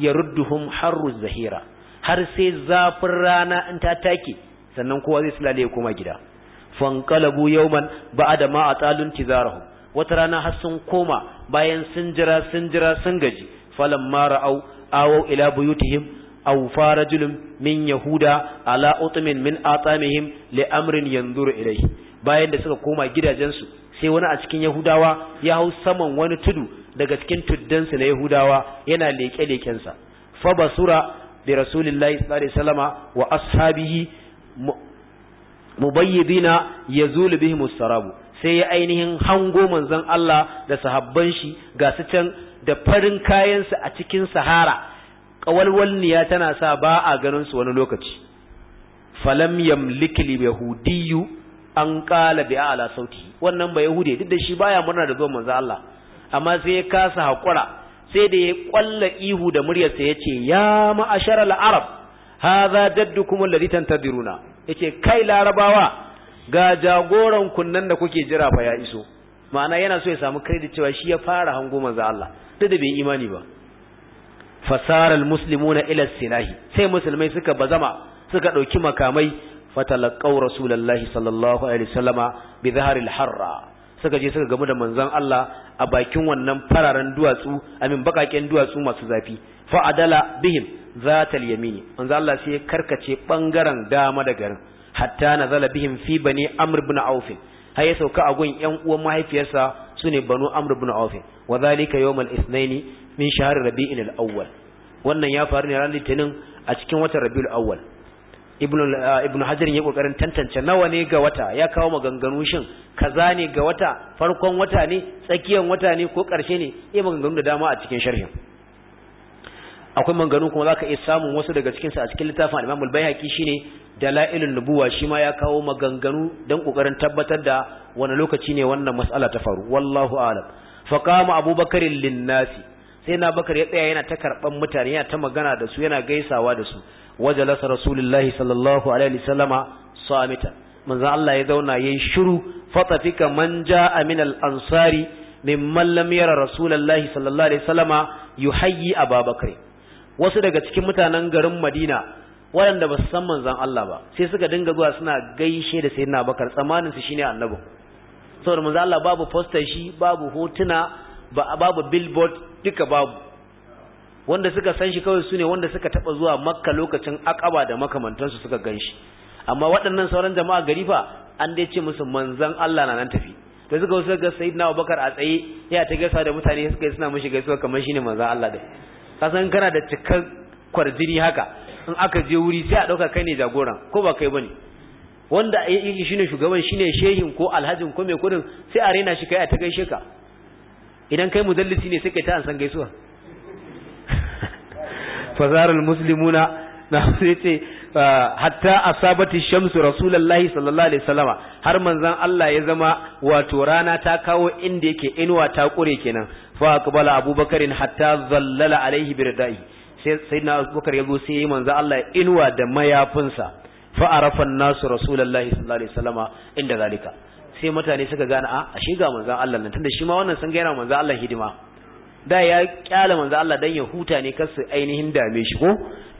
yarudduhum harru zahira har sai zafin rana in ta take sannan kowa zai sulale ya koma gida fankalabu yawman ba'ada ma atalun tizarahum wata rana har sun koma bayan sun jira sun jira sun gaji falamma ra'au awau ila buyutihim aw farajulun min yahuda ala utmin min atamihim li amrin yanzuru ilayhi bayan da suka koma gidajensu sai wani a cikin yahudawa ya hau saman wani tudu daga cikin tuddansu na yahudawa yana leƙe-leƙensa fa basura bi rasulillahi sallallahu alaihi wasallama wa ashabihi mubayyidina yazulu bihim sarabu sai ya ainihin hango manzon Allah da sahabban shi ga su can da farin su a cikin sahara ƙawalwalniya tana sa ba a ganin su wani lokaci falam yamlikil yahudiyyu an qala bi ala sauti wannan ba yahude duk da shi baya murna da zuwan manzo Allah amma sai ya kasa haƙura sai da ya ƙwalla ihu da muryarsa ya ce ya ma'ashar al'arab haza ta alladhi Ya ce kai larabawa ga jagoran kunnan da kuke jira fa ya iso ma'ana yana so ya samu credit cewa shi ya fara hango manzo Allah duk da bai imani ba fasara almuslimuna ila sinahi, sai musulmai suka bazama suka ɗauki makamai fatalaqaw rasulullahi sallallahu alaihi wasallama bi dhahril harra suka je suka gamu da manzon Allah a bakin wannan fararen duwatsu amin bakaken duwatsu masu zafi fa adala bihim liyami yamini manzon Allah sai ya karkace bangaren dama da garin hatta nazala bihim fi bani amr ibn auf har ya sauka a gun yan uwan mahaifiyarsa sune banu amr ibn auf wa zalika yawmal ithnaini min shahr rabi'il awwal wannan ya faru ne ranar litinin a cikin watan rabiul awwal ibn uh, hajar ya kokarin tantance nawa ne ga wata ya kawo maganganu shin kaza ne ga wata farkon wata ne tsakiyar wata ne ko ƙarshe ne ya maganganu da dama a cikin sharhin akwai maganganu kuma zaka iya samun wasu daga cikin a cikin littafin al-Imam al-Baihaqi shine dalailun nubuwa shi ma ya kawo maganganu dan kokarin tabbatar da wani lokaci ne wannan mas'ala ta faru wallahu a'lam fa qama Abubakar lin sai na Bakar ya tsaya yana ta karban mutane yana ta magana da su yana gaisawa da su wajalasa rasulullahi sallallahu alaihi wasallama samita manzo Allah ya zauna yayi shiru fatafika man jaa min al-ansari mimman lam yara rasulullahi sallallahu alaihi wasallama yuhayyi ababakar wasu daga cikin mutanen garin Madina waɗanda ba su san manzon Allah ba sai suka dinga zuwa suna gaishe da sayyidina Abubakar tsamanin su shine annabi saboda manzo Allah babu poster shi babu hotuna babu billboard duka babu wanda suka san shi kawai sune wanda suka taba zuwa makka lokacin akaba da makamantansu suka ganshi amma waɗannan sauran jama'a gari fa an dai ce musu manzan Allah na nan tafi da suka wasu ga sayyidina Abubakar a tsaye ya ta gasa da mutane suka yi suna mashi gaisuwa kamar shi ne manzan Allah da ka san kana da cikar kwarjini haka in aka je wuri sai a ɗauka kai ne jagoran ko ba kai bane wanda shi ne shugaban shi ne shehin ko alhajin ko mai kudin sai a rena shi kai a ta gaishe ka idan kai mudallisi ne sai kai ta an san gaisuwa fazarar muslimuna na sai ce hatta asabati shamsu rasulullahi sallallahu alaihi wasallama har manzan Allah ya zama wato rana ta kawo inda yake inuwa ta kure kenan fa akbala abubakarin hatta zallala alaihi birdai sai sayyidina abubakar ya zo sai yayi manzon Allah inuwa da mayafinsa fa arafa nasu rasulullahi sallallahu alaihi wasallama inda zalika sai mutane suka gane a ashe ga manzon Allah nan tunda shi ma wannan sun ga yana manzon Allah hidima da ya kyala manzo Allah dan ya huta ne kar su ainihin dame shi ko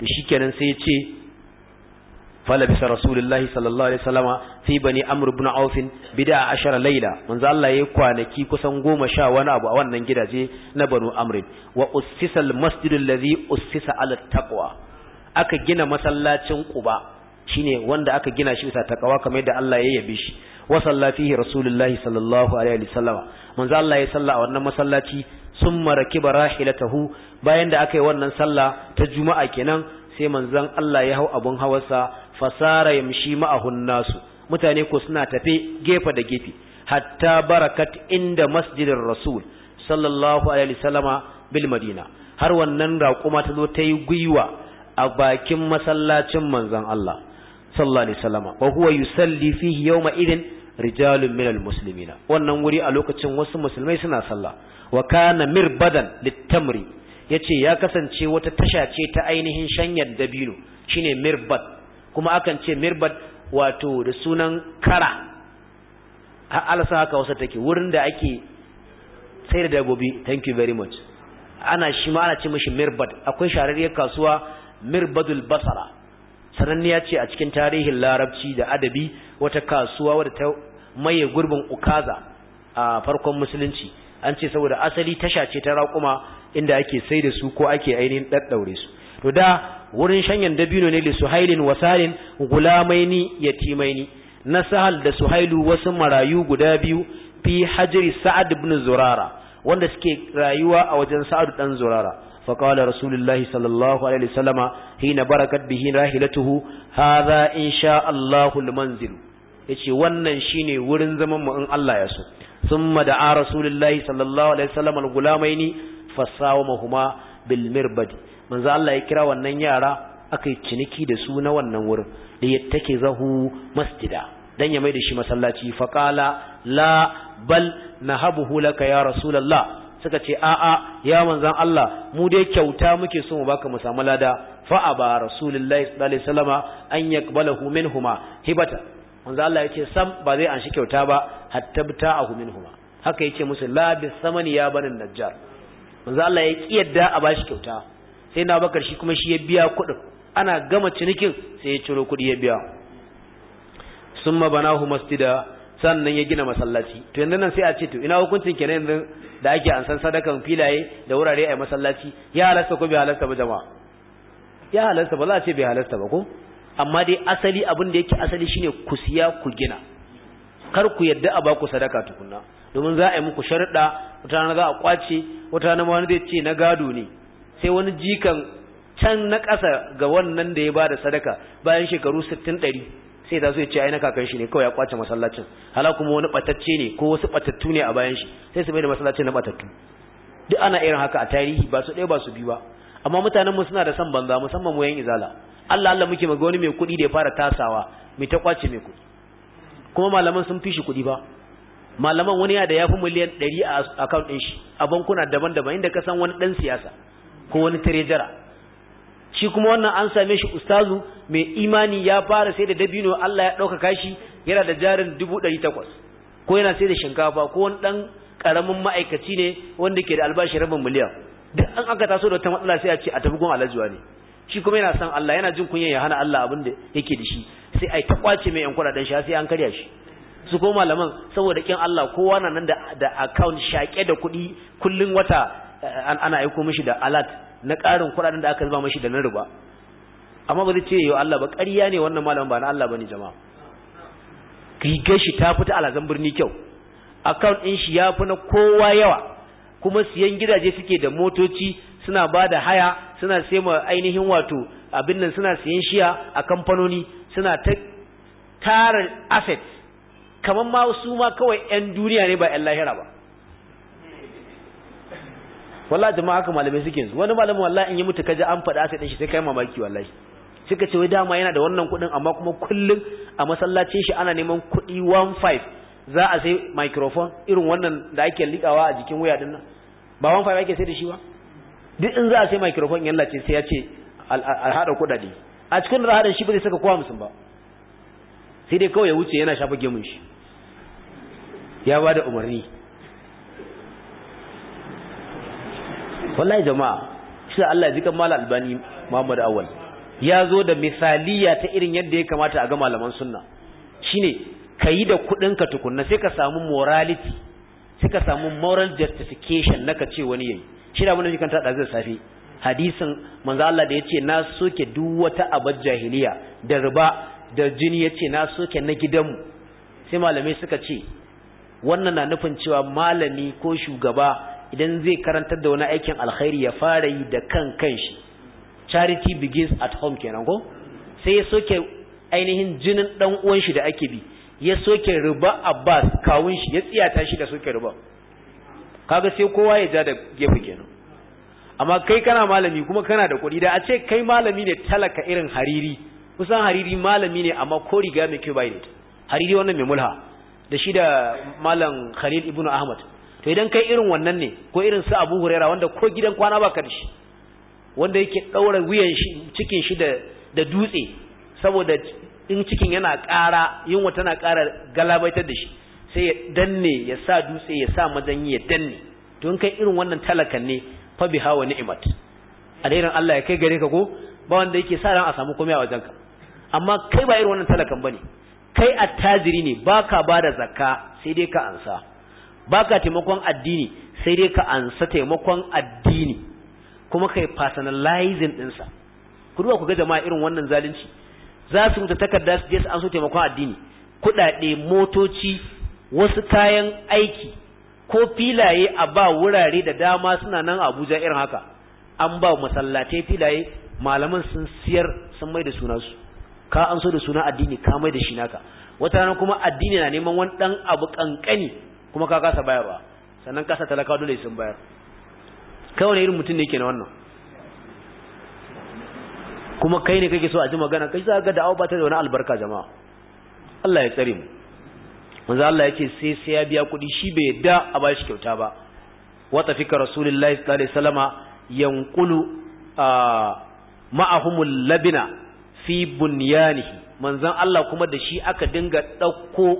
to shikenan sai ya ce Fala bi rasulullahi sallallahu alaihi wasallama fi bani amr ibn auf bid'a ashara layla manzo Allah yayi kwanaki kusan goma sha wani abu a wannan gidaje na banu amr wa ussisa almasjid alladhi ussisa ala taqwa aka gina masallacin quba shine wanda aka gina shi bisa takawa kamar yadda Allah ya yabe shi wa salla rasulullahi sallallahu alaihi wasallama manzo Allah ya salla a wannan masallaci sun maraki barahilatahu bayan da aka yi wannan sallah ta juma'a kenan sai manzon Allah ya hau abun hawarsa fasara yamshi ma'ahun nasu mutane ko suna tafe gefe da gefe hatta barakat inda masjidin rasul sallallahu alaihi wasallama bil madina har wannan raƙuma ta zo ta yi gwiwa a bakin masallacin manzon Allah sallallahu alaihi wasallama wa huwa yusalli fihi yawma idin rijalun minal muslimina wannan wuri a lokacin wasu musulmai suna sallah wa kana mirbadan littamri yace ya kasance wata tasha ce ta ainihin shanyar dabino shine mirbad kuma akan ce mirbad wato da sunan kara alasa haka wasa take wurin da ake sayar da dabobi thank you very much ana shi ma ana ce mishi mirbad akwai shahararriyar kasuwa mirbadul basara sananniya ce a cikin tarihin larabci da adabi wata kasuwa wadda ta maye gurbin ukaza a farkon musulunci an ce saboda asali tasha ce ta raƙuma inda ake sai da su ko ake ainihin ɗaɗɗaure su to da wurin shanyan dabino ne da suhailin wa salin gulamaini yatimaini na sahal da suhailu wasu marayu guda biyu fi hajiri sa'ad ibn zurara wanda suke rayuwa a wajen sa'ad dan zurara فقال رسول الله صلى الله عليه وسلم حين بركت به راحلته هذا ان شاء yace wannan shine wurin zaman mu in Allah ya so thumma da'a rasulullahi sallallahu alaihi wasallam al-gulamaini fasawamahuma bil mirbadi manzo Allah ya kira wannan yara akai ciniki da su na wannan wurin da yattake zahu masjida dan ya mai da shi masallaci faqala la bal nahabuhu laka ya rasulullah suka ce a'a ya manzon Allah mu dai kyauta muke so mu baka mu samu lada fa aba rasulullahi sallallahu alaihi wasallama an yakbalahu minhuma hibata manzo Allah yake sam ba zai anshi kyauta ba a humin huma haka yake musu la samani ya banin najjar manzo Allah ya ki yadda a bashi kyauta sai na bakar shi kuma shi ya biya kuɗin ana gama cinikin sai ya ciro kuɗi ya biya summa banahu masjida sannan ya gina masallaci to yanzu nan sai a ce to ina hukuncin kenan yanzu da ake an san sadakan filaye da wurare a masallaci ya halasta ko bai halasta ba jama'a ya halasta ba za a ce bai halasta ba ko amma dai asali abin da yake asali shine ku siya ku gina kar ku yadda a baku sadaka tukunna domin za a yi muku sharuɗa wata rana za a kwace wata rana wani zai ce na gado ne sai wani jikan can na ƙasa ga wannan da ya bada sadaka bayan shekaru sittin ɗari sai ta so ya ce ai na kakan shi ne kawai ya kwace masallacin hala kuma wani ɓatacce ne ko wasu ɓatattu ne a bayan shi sai su bai da masallacin na ɓatattu duk ana irin haka a tarihi ba su ɗaya ba su biyu ba amma mutanen mu suna da san banza musamman mu yan izala Allah Allah muke maga wani mai kuɗi da ya fara tasawa mai ta kwace mai kuɗi kuma malaman sun fishi shi kuɗi ba malaman wani ya da yafi miliyan 100 a account din shi a bankuna daban-daban inda ka san wani dan siyasa ko wani tarejara shi kuma wannan an same shi ustazu mai imani ya fara sai da dabino Allah ya dauka kashi yana da jarin dubu ɗari takwas ko yana sai da shinkafa ko wani dan karamin ma'aikaci ne wanda ke da albashi rabin miliyan duk an aka taso da wata matsala sai a ce a tafi gun alajuwa ne shi kuma yana san Allah yana jin kunya ya hana Allah abin da yake da shi sai ai ta kwace mai yan kuɗaɗen shi sai an karya shi su ko malaman saboda kin Allah kowa na nan da da account shake da kuɗi kullun wata eh, ana aiko mishi da alert na ƙarin kuɗaɗen da aka zuba mishi da na riba amma ba zai ce yo Allah ba ƙarya ne wannan malamin ba na Allah bane jama'a rigar shi ta fita alazan birni kyau account ɗin shi ya fi na kowa yawa kuma siyan gidaje suke da motoci suna ba da haya suna sema ainihin wato abin nan suna siyan shiya a kamfanoni suna ta tara asset kamar ma su ma kawai 'yan duniya ne ba 'yan lahira ba wallahi jama'a haka malamai suke yanzu wani malamin wallahi in yi mutu kaji an faɗi asset ɗin shi sai kai mamaki wallahi suka ce wai dama yana da wannan kuɗin amma kuma kullum a masallacin shi ana neman kuɗi 15 za a sai microphone irin wannan da ake likawa a jikin waya din nan ba wan fa ake sai da shi ba duk in za a sai microphone yalla ce sai ya ce al hada kudade a cikin da hadan shi ba zai saka kowa musun ba sai dai kawai ya wuce yana shafa gemun shi ya ba da umarni wallahi jama'a shi Allah ya jika mala albani Muhammad awwal ya zo da misaliya ta irin yadda ya kamata a ga malaman sunna shine ka yi da kuɗinka tukunna sai ka samu morality sai ka samu moral justification na ka ce wani yayi shi da wannan kanta da zai safe hadisin manzo Allah da yace na soke duk wata abar jahiliya da riba da jini yace na soke na gidanmu sai malamai suka ce wannan na nufin cewa malami ko shugaba idan zai karantar da wani aikin alkhairi ya fara yi da kan kanshi charity begins at home kenan ko sai ya soke ainihin jinin dan uwan shi da ake bi ya soke riba Abbas kawun shi ya tsiya shi da soke riba kaga sai kowa ya ja da gefe kenan amma kai kana malami kuma kana da kuɗi da a ce kai malami ne talaka irin hariri kusan hariri malami ne amma ko riga mai kyau bai hariri wannan mai mulha da shi da malam Khalil ibn Ahmad to idan kai irin wannan ne ko irin su Abu Huraira wanda ko gidan kwana baka da shi wanda yake daura wuyan shi cikin shi da dutse saboda in cikin yana ƙara yunwa tana ƙara galabaitar da shi sai ya danne ya sa dutse ya sa majanyi ya danne don kai irin wannan talakan ne fa bi hawa ni'mat alherin Allah ya kai gare ka ko ba wanda yake sa ran a samu komai a wajen ka amma kai ba irin wannan talakan bane kai attajiri ne baka bada zakka sai dai ka ansa baka taimakon addini sai dai ka ansa taimakon addini kuma kai personalizing dinsa ku duba ku ga jama'a irin wannan zalunci za su rubuta takarda su je su an so taimakon addini kuɗaɗe motoci wasu kayan aiki ko filaye a ba wurare da dama suna nan Abuja irin haka an ba masallatai filaye malaman sun siyar sun mai da suna su ka an so da suna addini ka mai da shi naka wata rana kuma addini na neman wani dan abu kankani kuma ka kasa bayarwa sannan kasa talakawa dole sun bayar kawai irin mutum ne yake na wannan kuma kai ne kake so a ji magana kai za ga da'awa ba ta da wani albarka jama'a Allah ya tsare mu manzo Allah yake sai sai ya biya kuɗi shi bai yadda a ba shi kyauta ba wa tafika rasulullahi sallallahu alaihi wasallama yanqulu ma'ahumul labina fi bunyanihi manzon Allah kuma da shi aka dinga ɗauko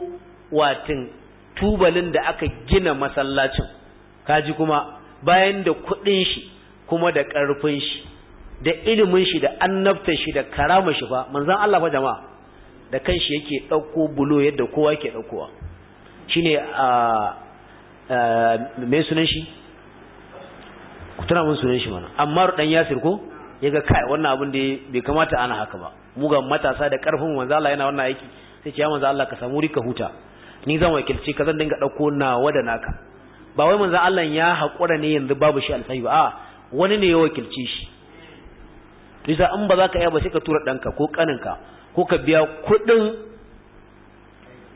watin tubalin da aka gina masallacin kaji kuma bayan da kuɗin shi kuma da ƙarfin shi da ilimin shi da annabta shi da karama shi fa manzon Allah fa jama'a da kan shi yake dauko bulo yadda kowa yake daukowa shine a mai sunan shi ku tana mun sunan shi mana Ammar dan Yasir ko yaga kai wannan abin da bai kamata ana haka ba mu ga matasa da karfin manzon Allah yana wannan aiki sai ce ya manzon Allah ka samu rika huta ni zan wakilci ka zan dinga dauko nawa da naka ba wai manzon Allah ya haƙura ne yanzu babu shi alfahi ba a wani ne ya wakilci shi nisa in ba za ka yaba sai ka tura ɗanka ko ƙaninka ko ka biya kuɗin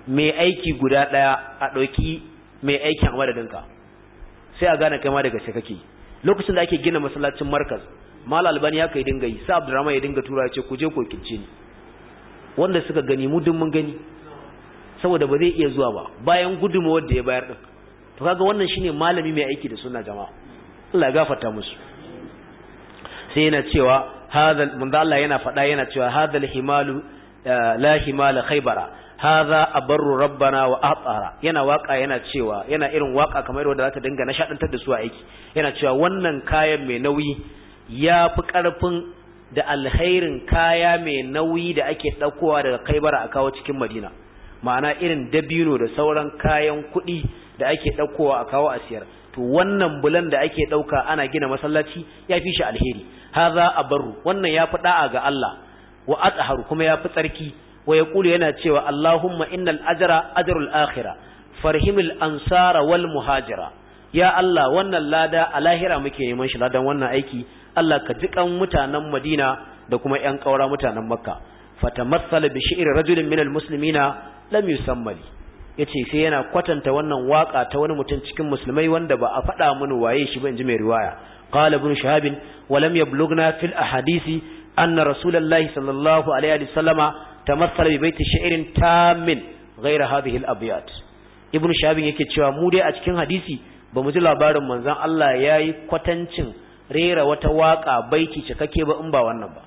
mai aiki guda ɗaya a ɗauki mai aikin a madadinka sai a gane kai ma daga kake lokacin da ake gina masallacin markaz mal albani ya kai dinga yi sa abdurrahman ya dinga tura ce ku je ku kince ni wanda suka gani mu dun mun gani saboda ba zai iya zuwa ba bayan gudumawar da ya bayar din to kaga wannan shine malami mai aiki da sunna jama'a Allah ya gafarta musu sai yana cewa hadha munda Allah yana faɗa yana cewa hadha himalu la himala khaybara hadha abarru rabbana wa athara yana waka yana cewa yana irin waka kamar wanda zaka dinga nishadantar da su a aiki yana cewa wannan kayan mai nauyi ya fi karfin da alkhairin kaya mai nauyi da ake daukowa daga khaybara a kawo cikin madina ma'ana irin dabino da sauran kayan kuɗi da ake daukowa a kawo a siyar to wannan bulan da ake dauka ana gina masallaci ya fi shi alheri a barru wannan ya fi da'a ga Allah wa azharu kuma ya fi tsarki wa yaqulu yana cewa Allahumma innal ajra ajrul akhira farhimil ansara wal muhajira ya Allah wannan lada a lahira muke neman shi ladan wannan aiki Allah ka kan mutanen Madina da kuma ƴan ƙaura mutanen Makka fatamassala bi shi'ri rajulin minal muslimina lam yusammali ya ce sai yana kwatanta wannan waka ta wani mutum cikin musulmai wanda ba a faɗa mini waye shi ba in ji mai riwaya قال ابن شهاب ولم يبلغنا في الأحاديث أن رسول الله صلى الله عليه وسلم تمثل ببيت شعر تام غير هذه الأبيات shabin شهاب yake cewa mu dai a cikin hadisi ba mu ji labarin manzon Allah yayi kwatancin rera wata waka baiti kake ba in ba wannan ba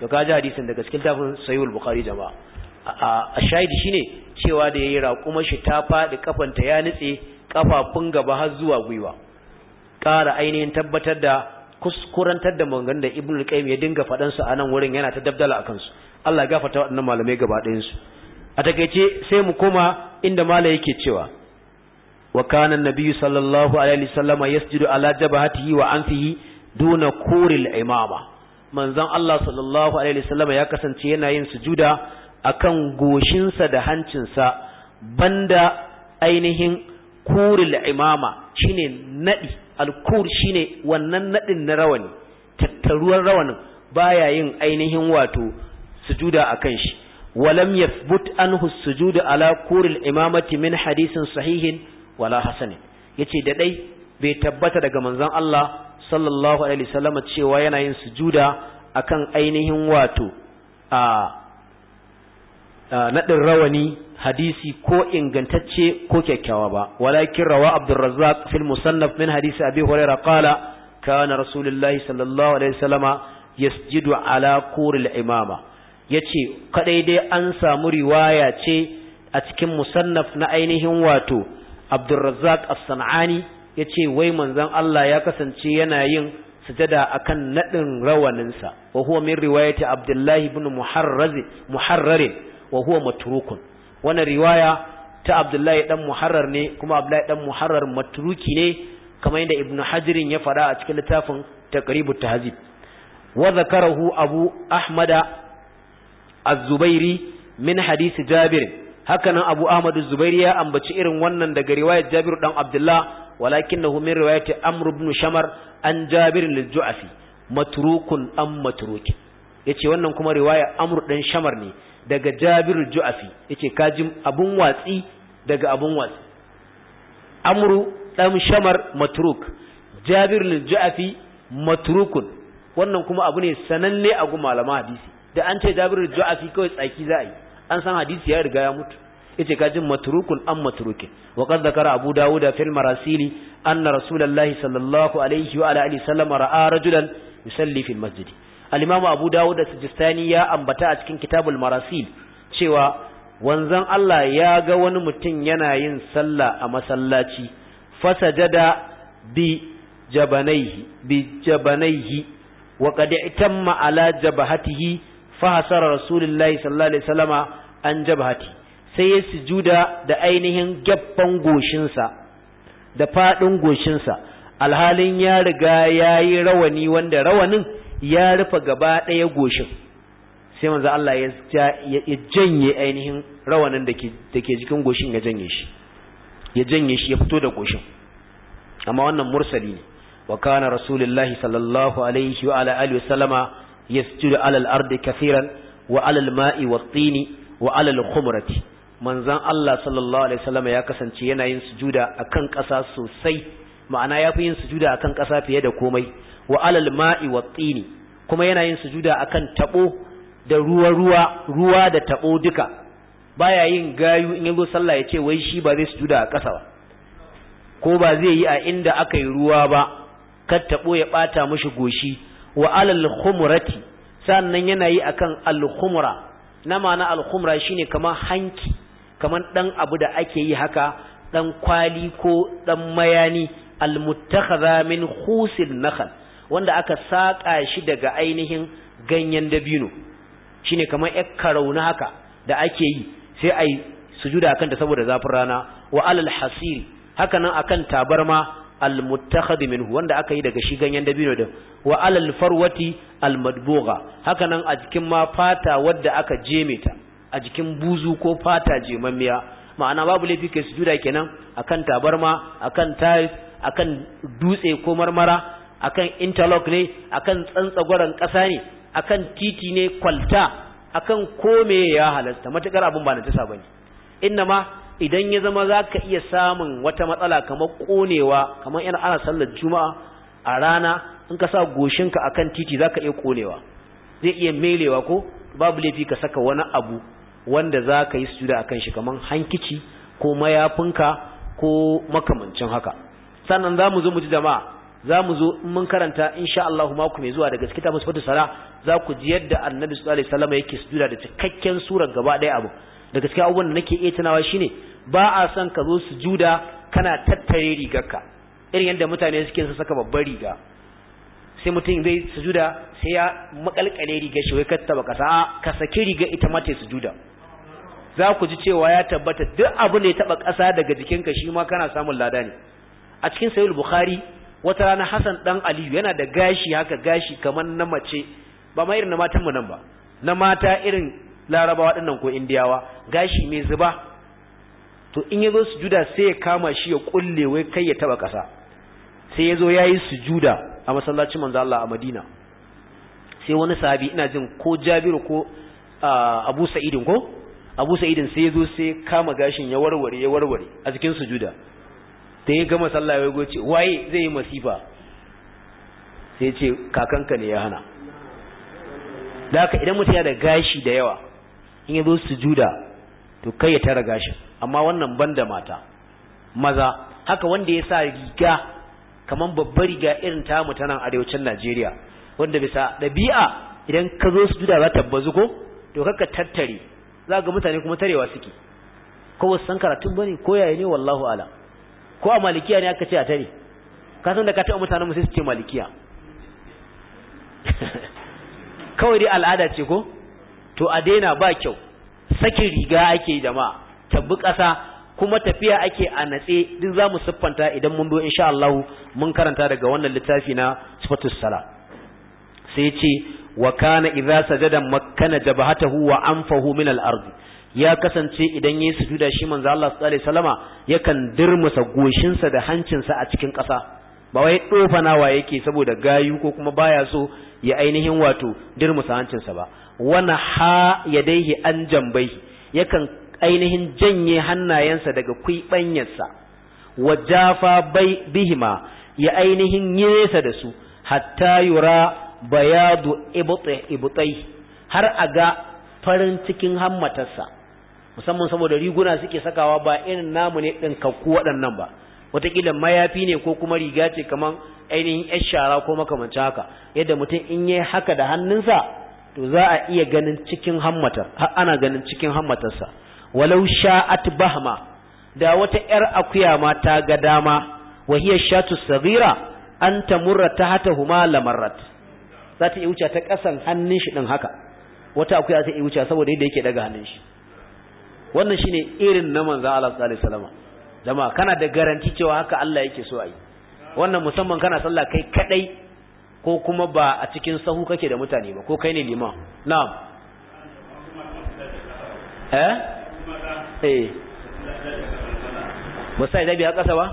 to kaji hadisin daga cikin tafin sahih al-bukhari jama'a a shahidi shine cewa da yayi raƙuma shi ta faɗi kafanta ya nutse kafafun gaba har zuwa gwiwa ƙara ainihin tabbatar da kuskurantar da mangan da Ibn al-Qayyim ya dinga faɗan su a nan wurin yana ta dabdala akan su Allah ya gafarta waɗannan malamai gaba ɗayan su a takeice sai mu koma inda malai yake cewa wa kana an sallallahu alaihi wasallam yasjudu ala jabhatihi wa anfihi duna kuril imama manzon Allah sallallahu alaihi wasallam ya kasance yana yin sujuda akan goshinsa da hancinsa banda ainihin kuril imama shine nadi alkur shine wannan nadin na rawani tattaruwar rawanin baya yin ainihin wato sujuda akan shi walam yathbut anhu sujudu ala kuril imamati min hadisin sahihin wala hasanin yace da dai bai tabbata daga manzon Allah sallallahu alaihi wasallam cewa yana yin sujuda akan ainihin wato a naɗin rawani hadisi ko ingantacce ko kyakkyawa ba walakin rawa abdurrazzaq fil musannaf min hadisi abi hurairah qala kana rasulullahi sallallahu alaihi wasallama yasjidu ala quril imama yace kadai dai an samu riwaya ce a cikin musannaf na ainihin wato abdurrazzaq as-sanani yace wai manzon Allah ya kasance yana yin sujada akan naɗin rawaninsa wa huwa min riwayati abdullahi ibn muharraz muharrar wa huwa matrukun wannan riwaya ta Abdullahi dan Muharrar ne kuma Abdullahi dan Muharrar matruki ne kamar yadda Ibn Hajirin ya fada a cikin littafin Taqribut Tahzib wa zakarahu Abu Ahmada Az-Zubairi min hadisi Jabir hakanan Abu Ahmad Az-Zubairi ya ambaci irin wannan daga riwayar Jabir dan Abdullah walakinahu min riwayati Amr ibn Shamar an Jabir al-Ju'afi matrukun am matruki yace wannan kuma riwaya Amr dan Shamar ne daga Jabir Ju'afi yake kaji abun watsi daga abun watsi Amru dan Shamar matruk Jabir Ju'afi matrukun wannan kuma abu ne sananne a gun malama hadisi da an ce Jabir Ju'afi kawai tsaki za a yi an san hadisi ya riga ya mutu yace kajin matrukun an matrukin wa qad zakara abu dawud fi al-marasili anna rasulullahi sallallahu alaihi wa alihi sallam ra'a rajulan yusalli fi al-masjid al-imamu abu dawud da sijistani ya ambata a cikin kitabul marasil cewa wanzan Allah ya ga wani mutum yana yin sallah a masallaci fasajada bi jabanaihi bi jabanaihi wa qad itamma ala jabhatihi fa hasara rasulullahi sallallahu alaihi wasallama an jabhati sai ya sujuda da ainihin gaffan goshinsa da fadin goshinsa alhalin ya riga yayi rawani wanda rawanin ya rufe gaba ɗaya goshin sai manzo Allah ya janye ainihin rawanin da ke jikin goshin ya janye shi ya janye shi ya fito da goshin amma wannan mursali ne wa kana rasulullahi sallallahu alaihi wa ala alihi wasallama yasjudu ala al-ardi kathiran wa ala al-ma'i wat-tini wa ala al-khumrati manzon Allah sallallahu alaihi wasallama ya kasance yana yin sujuda akan ƙasa sosai ma'ana ya fi yin sujuda akan ƙasa fiye da komai wa alal ma'i wa tsini kuma yana yin sujuda akan tabo da ruwa ruwa ruwa da tabo duka baya yin gayu in yazo sallah ya ce wai shi ba zai sujuda a ƙasa ba ko ba zai yi a inda aka yi ruwa ba kar tabo ya bata mishi goshi wa alal khumrati sannan yana yi akan al khumra na ma'ana al khumra shine kamar hanki kamar dan abu da ake yi haka dan kwali ko dan mayani al muttakhadha min khusil nakhl wanda aka saƙa shi daga ainihin ganyen dabino shine kamar ya karauna haka da ake yi sai a yi sujuda akan ta saboda zafin rana wa alal hasiri haka nan akan tabarma almuttakhadhi minhu wanda aka yi daga shi ganyen dabino din wa alal farwati al haka nan a jikin ma fata wadda aka jeme ta a jikin buzu ko fata jemammiya ma'ana babu laifi kai sujuda kenan akan tabarma akan tiles akan dutse ko marmara akan interlock ne akan tsantsagwaron ƙasa ne akan titi ne kwalta akan kome ya halasta matukar abin ba na tasa bane ma idan ya zama zaka iya samun wata matsala kamar konewa kamar yana ana sallar juma'a a rana in ka sa goshinka akan titi zaka iya konewa zai iya melewa ko babu laifi ka saka wani abu wanda zaka yi sujuda akan shi kamar hankici ko mayafinka ko makamancin haka sannan zamu zo mu ji jama'a za mu zo in mun karanta insha Allah mako mai zuwa daga cikin musu fatu sala za ku ji yadda annabi sallallahu alaihi wasallam yake sujuda da cikakken sura gaba daya abu daga cikin abubuwan da nake iya tunawa shine ba a son ka zo sujuda kana tattare rigarka irin yadda mutane suke sa saka babbar riga sai mutum zai sujuda sai ya makalkale rigar shi wai ka taba kasa ka saki riga ita ma ta sujuda za ku ji cewa ya tabbata duk abu ne ya taba kasa daga jikinka shi ma kana samun lada ne a cikin sahih bukhari wata rana Hassan dan Aliyu yana da gashi haka gashi kamar na mace ba ma irin na matan mu nan ba na mata irin Larabawa dinnan ko Indiyawa gashi mai zuba to in yazo sujuda sai ya kama shi ya kulle wai kai ya taba kasa sai yazo yayi sujuda a masallacin manzo Allah a Madina sai wani sahabi ina jin ko Jabiru ko Abu Sa'idin ko Abu Sa'idin sai yazo sai kama gashin ya warware ya warware a cikin sujuda da ya gama sallah ya goce waye zai yi masifa sai ce kakanka ne ya hana da haka idan mutum ya da gashi da yawa in ya zo su juda to kai ya tara gashin amma wannan banda mata maza haka wanda ya sa riga kamar babbar riga irin ta ta nan arewacin Najeriya wanda bisa ɗabi'a idan ka zo su juda za ta bazu ko to kakka tattare za ga mutane kuma tarewa suke ko wasu san karatun bane ko yaya ne wallahu alam ko a malikiya ne aka ce a tare ka san da ka taɓa mutanen mu sai su ce malikiya kawai dai al'ada ce ko to a daina ba kyau sakin riga ake jama'a tabbi ƙasa kuma tafiya ake a natse duk za mu siffanta idan mun zo insha Allah mun karanta daga wannan littafi na sifatus sala sai ce wa kana idza sajada makkana jabhatahu wa anfahu min al-ardh ya kasance idan su sujuda shi manzo Allah sallallahu alaihi wasallama yakan dirmusa goshinsa da hancinsa a cikin ƙasa ba wai dofanawa yake saboda gayu ko kuma baya so ya ainihin wato dirmusa hancinsa ba wana ha yadaihi an jambai yakan ainihin janye hannayensa daga kuibanyarsa wajafa bai bihima ya ainihin yesa da su hatta yura bayadu ibtai har aga farin cikin hammatarsa musamman saboda riguna suke sakawa ba irin namu ne ɗin kakku waɗannan ba wataƙila mayafi ne ko kuma riga ce kamar ainihin yar shara ko makamancin haka yadda mutum in yi haka da hannunsa to za a iya ganin cikin hammatar ana ganin cikin hammatarsa walau sha'at bahma da wata yar akuya ma ta ga dama wa hiya shatu saghira an tamurra hata huma lamarrat za ta iya wuce ta kasan hannun shi din haka wata akuya ta iya wuce saboda yadda yake daga hannun shi wannan shine irin na manzo Allah sallallahu alaihi wasallam jama'a kana da garanti cewa haka Allah yake so ayi wannan musamman kana sallah kai kadai ko kuma ba a cikin sahu kake da mutane ba ko kai ne liman na'am eh eh da biya kasa ba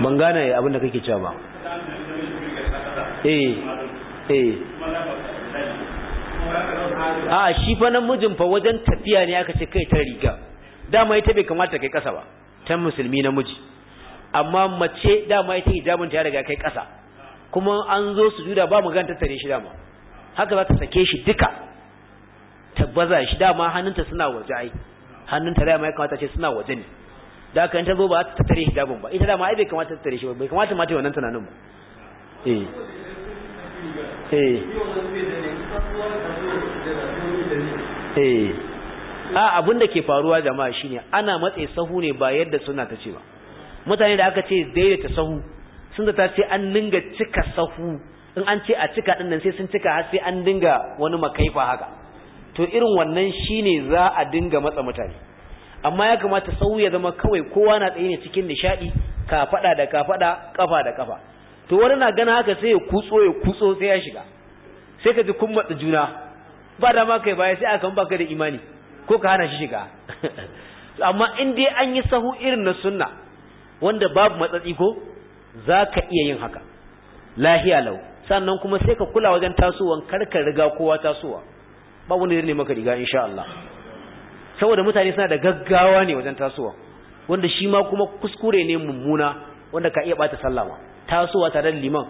ban gane abin da kake cewa ba eh eh a shi fa namijin fa wajen tafiya ne aka ce kai ta riga dama ita bai kamata kai kasa ba ta musulmi namiji amma mace dama ita hijabin ta riga kai kasa kuma an zo sujuda ba ganta tattare shi dama haka za ta sake shi duka ta baza shi dama hannunta suna waje ai hannunta da ya kamata ce suna waje ne da kan ta zo ba ta tare hijabin ba ita dama ai bai kamata tattare shi ba bai kamata ma ta yi wannan tunanin ba eh eh Eh. a abin da ke faruwa jama'a shine ana matse sahu ne ba yadda suna ta ce ba mutane da aka ce daidaita sahu sun ta ce an dinga cika sahu in an ce a cika din nan sai sun cika har sai an dinga wani makaifa haka to irin wannan shine za a dinga matsa mutane amma ya kamata sahu ya zama kawai kowa na tsaye ne cikin nishadi ka fada da ka fada kafa da kafa to wani na gana haka sai ya kutso ya kutso sai ya shiga sai ka ji kun matsa juna ba da ma kai baya sai aka baka da imani ko ka hana shi shiga amma in dai an yi sahu irin na sunna wanda babu matsatsi ko za ka iya yin haka lahiya lau sannan kuma sai ka kula wajen tasowan karkar riga kowa tasowa ba wani ne maka riga insha Allah saboda mutane suna da gaggawa ne wajen tasowa wanda shi ma kuma kuskure ne mummuna wanda ka iya bata sallama tasowa tare da liman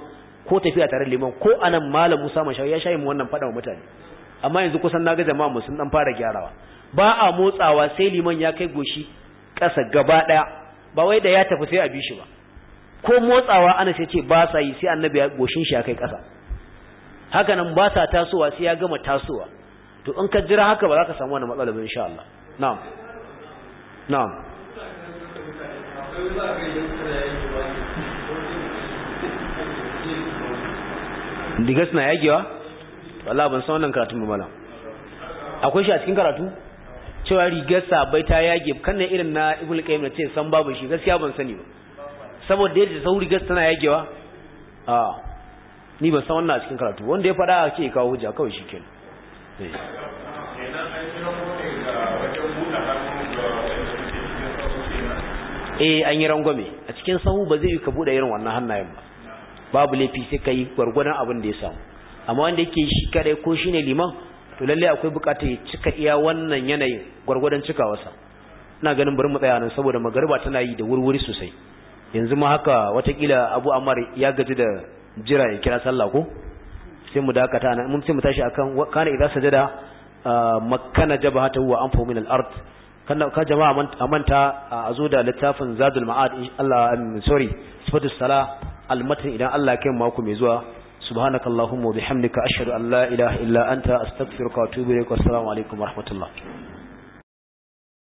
ko tafiya tare da liman ko anan malam Musa Mashawi ya shayi mu wannan fada wa mutane amma yanzu kusan ga jama'a mu sun dan fara gyarawa ba a motsawa sai liman ya kai goshi ƙasa gaba ɗaya ba wai da ya tafi sai a bi shi ba ko motsawa ana sai ce ba sa yi sai annabi ya goshin shi ya kai ƙasa haka nan ba sa tasowa sai ya gama tasowa to in ka jira haka ba za ka samu wani matsala ba insha Allah na'am na'am digas na yagewa Allah ban san wannan karatun ba malam akwai shi a cikin karatu cewa rigar sabai ta yage kan nan irin na ibul qayyim na ce san babu shi gaskiya ban sani ba saboda yadda sau rigar tana yagewa a ni ban san wannan a cikin karatu wanda ya fada a ce kawo hujja kawai shi ke eh. eh an yi rangwame a cikin sahu ba zai yi ka bude irin wannan hannayen ba babu laifi sai ka yi gwargwadon abin da ya samu amma wanda yake shi kadai ko shine liman to lalle akwai bukatar ya cika iya wannan yanayin gwargwadon cikawarsa ina ganin bari mu tsaya nan saboda magariba tana yi da wurwuri sosai yanzu ma haka watakila abu amar ya gaji da jira ya kira sallah ko sai mu dakata nan mun sai mu tashi akan kana idza sajada makkana jabhatahu wa anfu min al-ard kana ka jama'a amanta a zo da littafin zadul ma'ad Allah um, sorry sifatus sala al idan Allah ya kai mako mai zuwa subhanakallahumma hu bihamdika ashhadu an la ilaha illa anta astaghfiruka wa atubu ilaik wa assalamu alaikum wa rahmatullah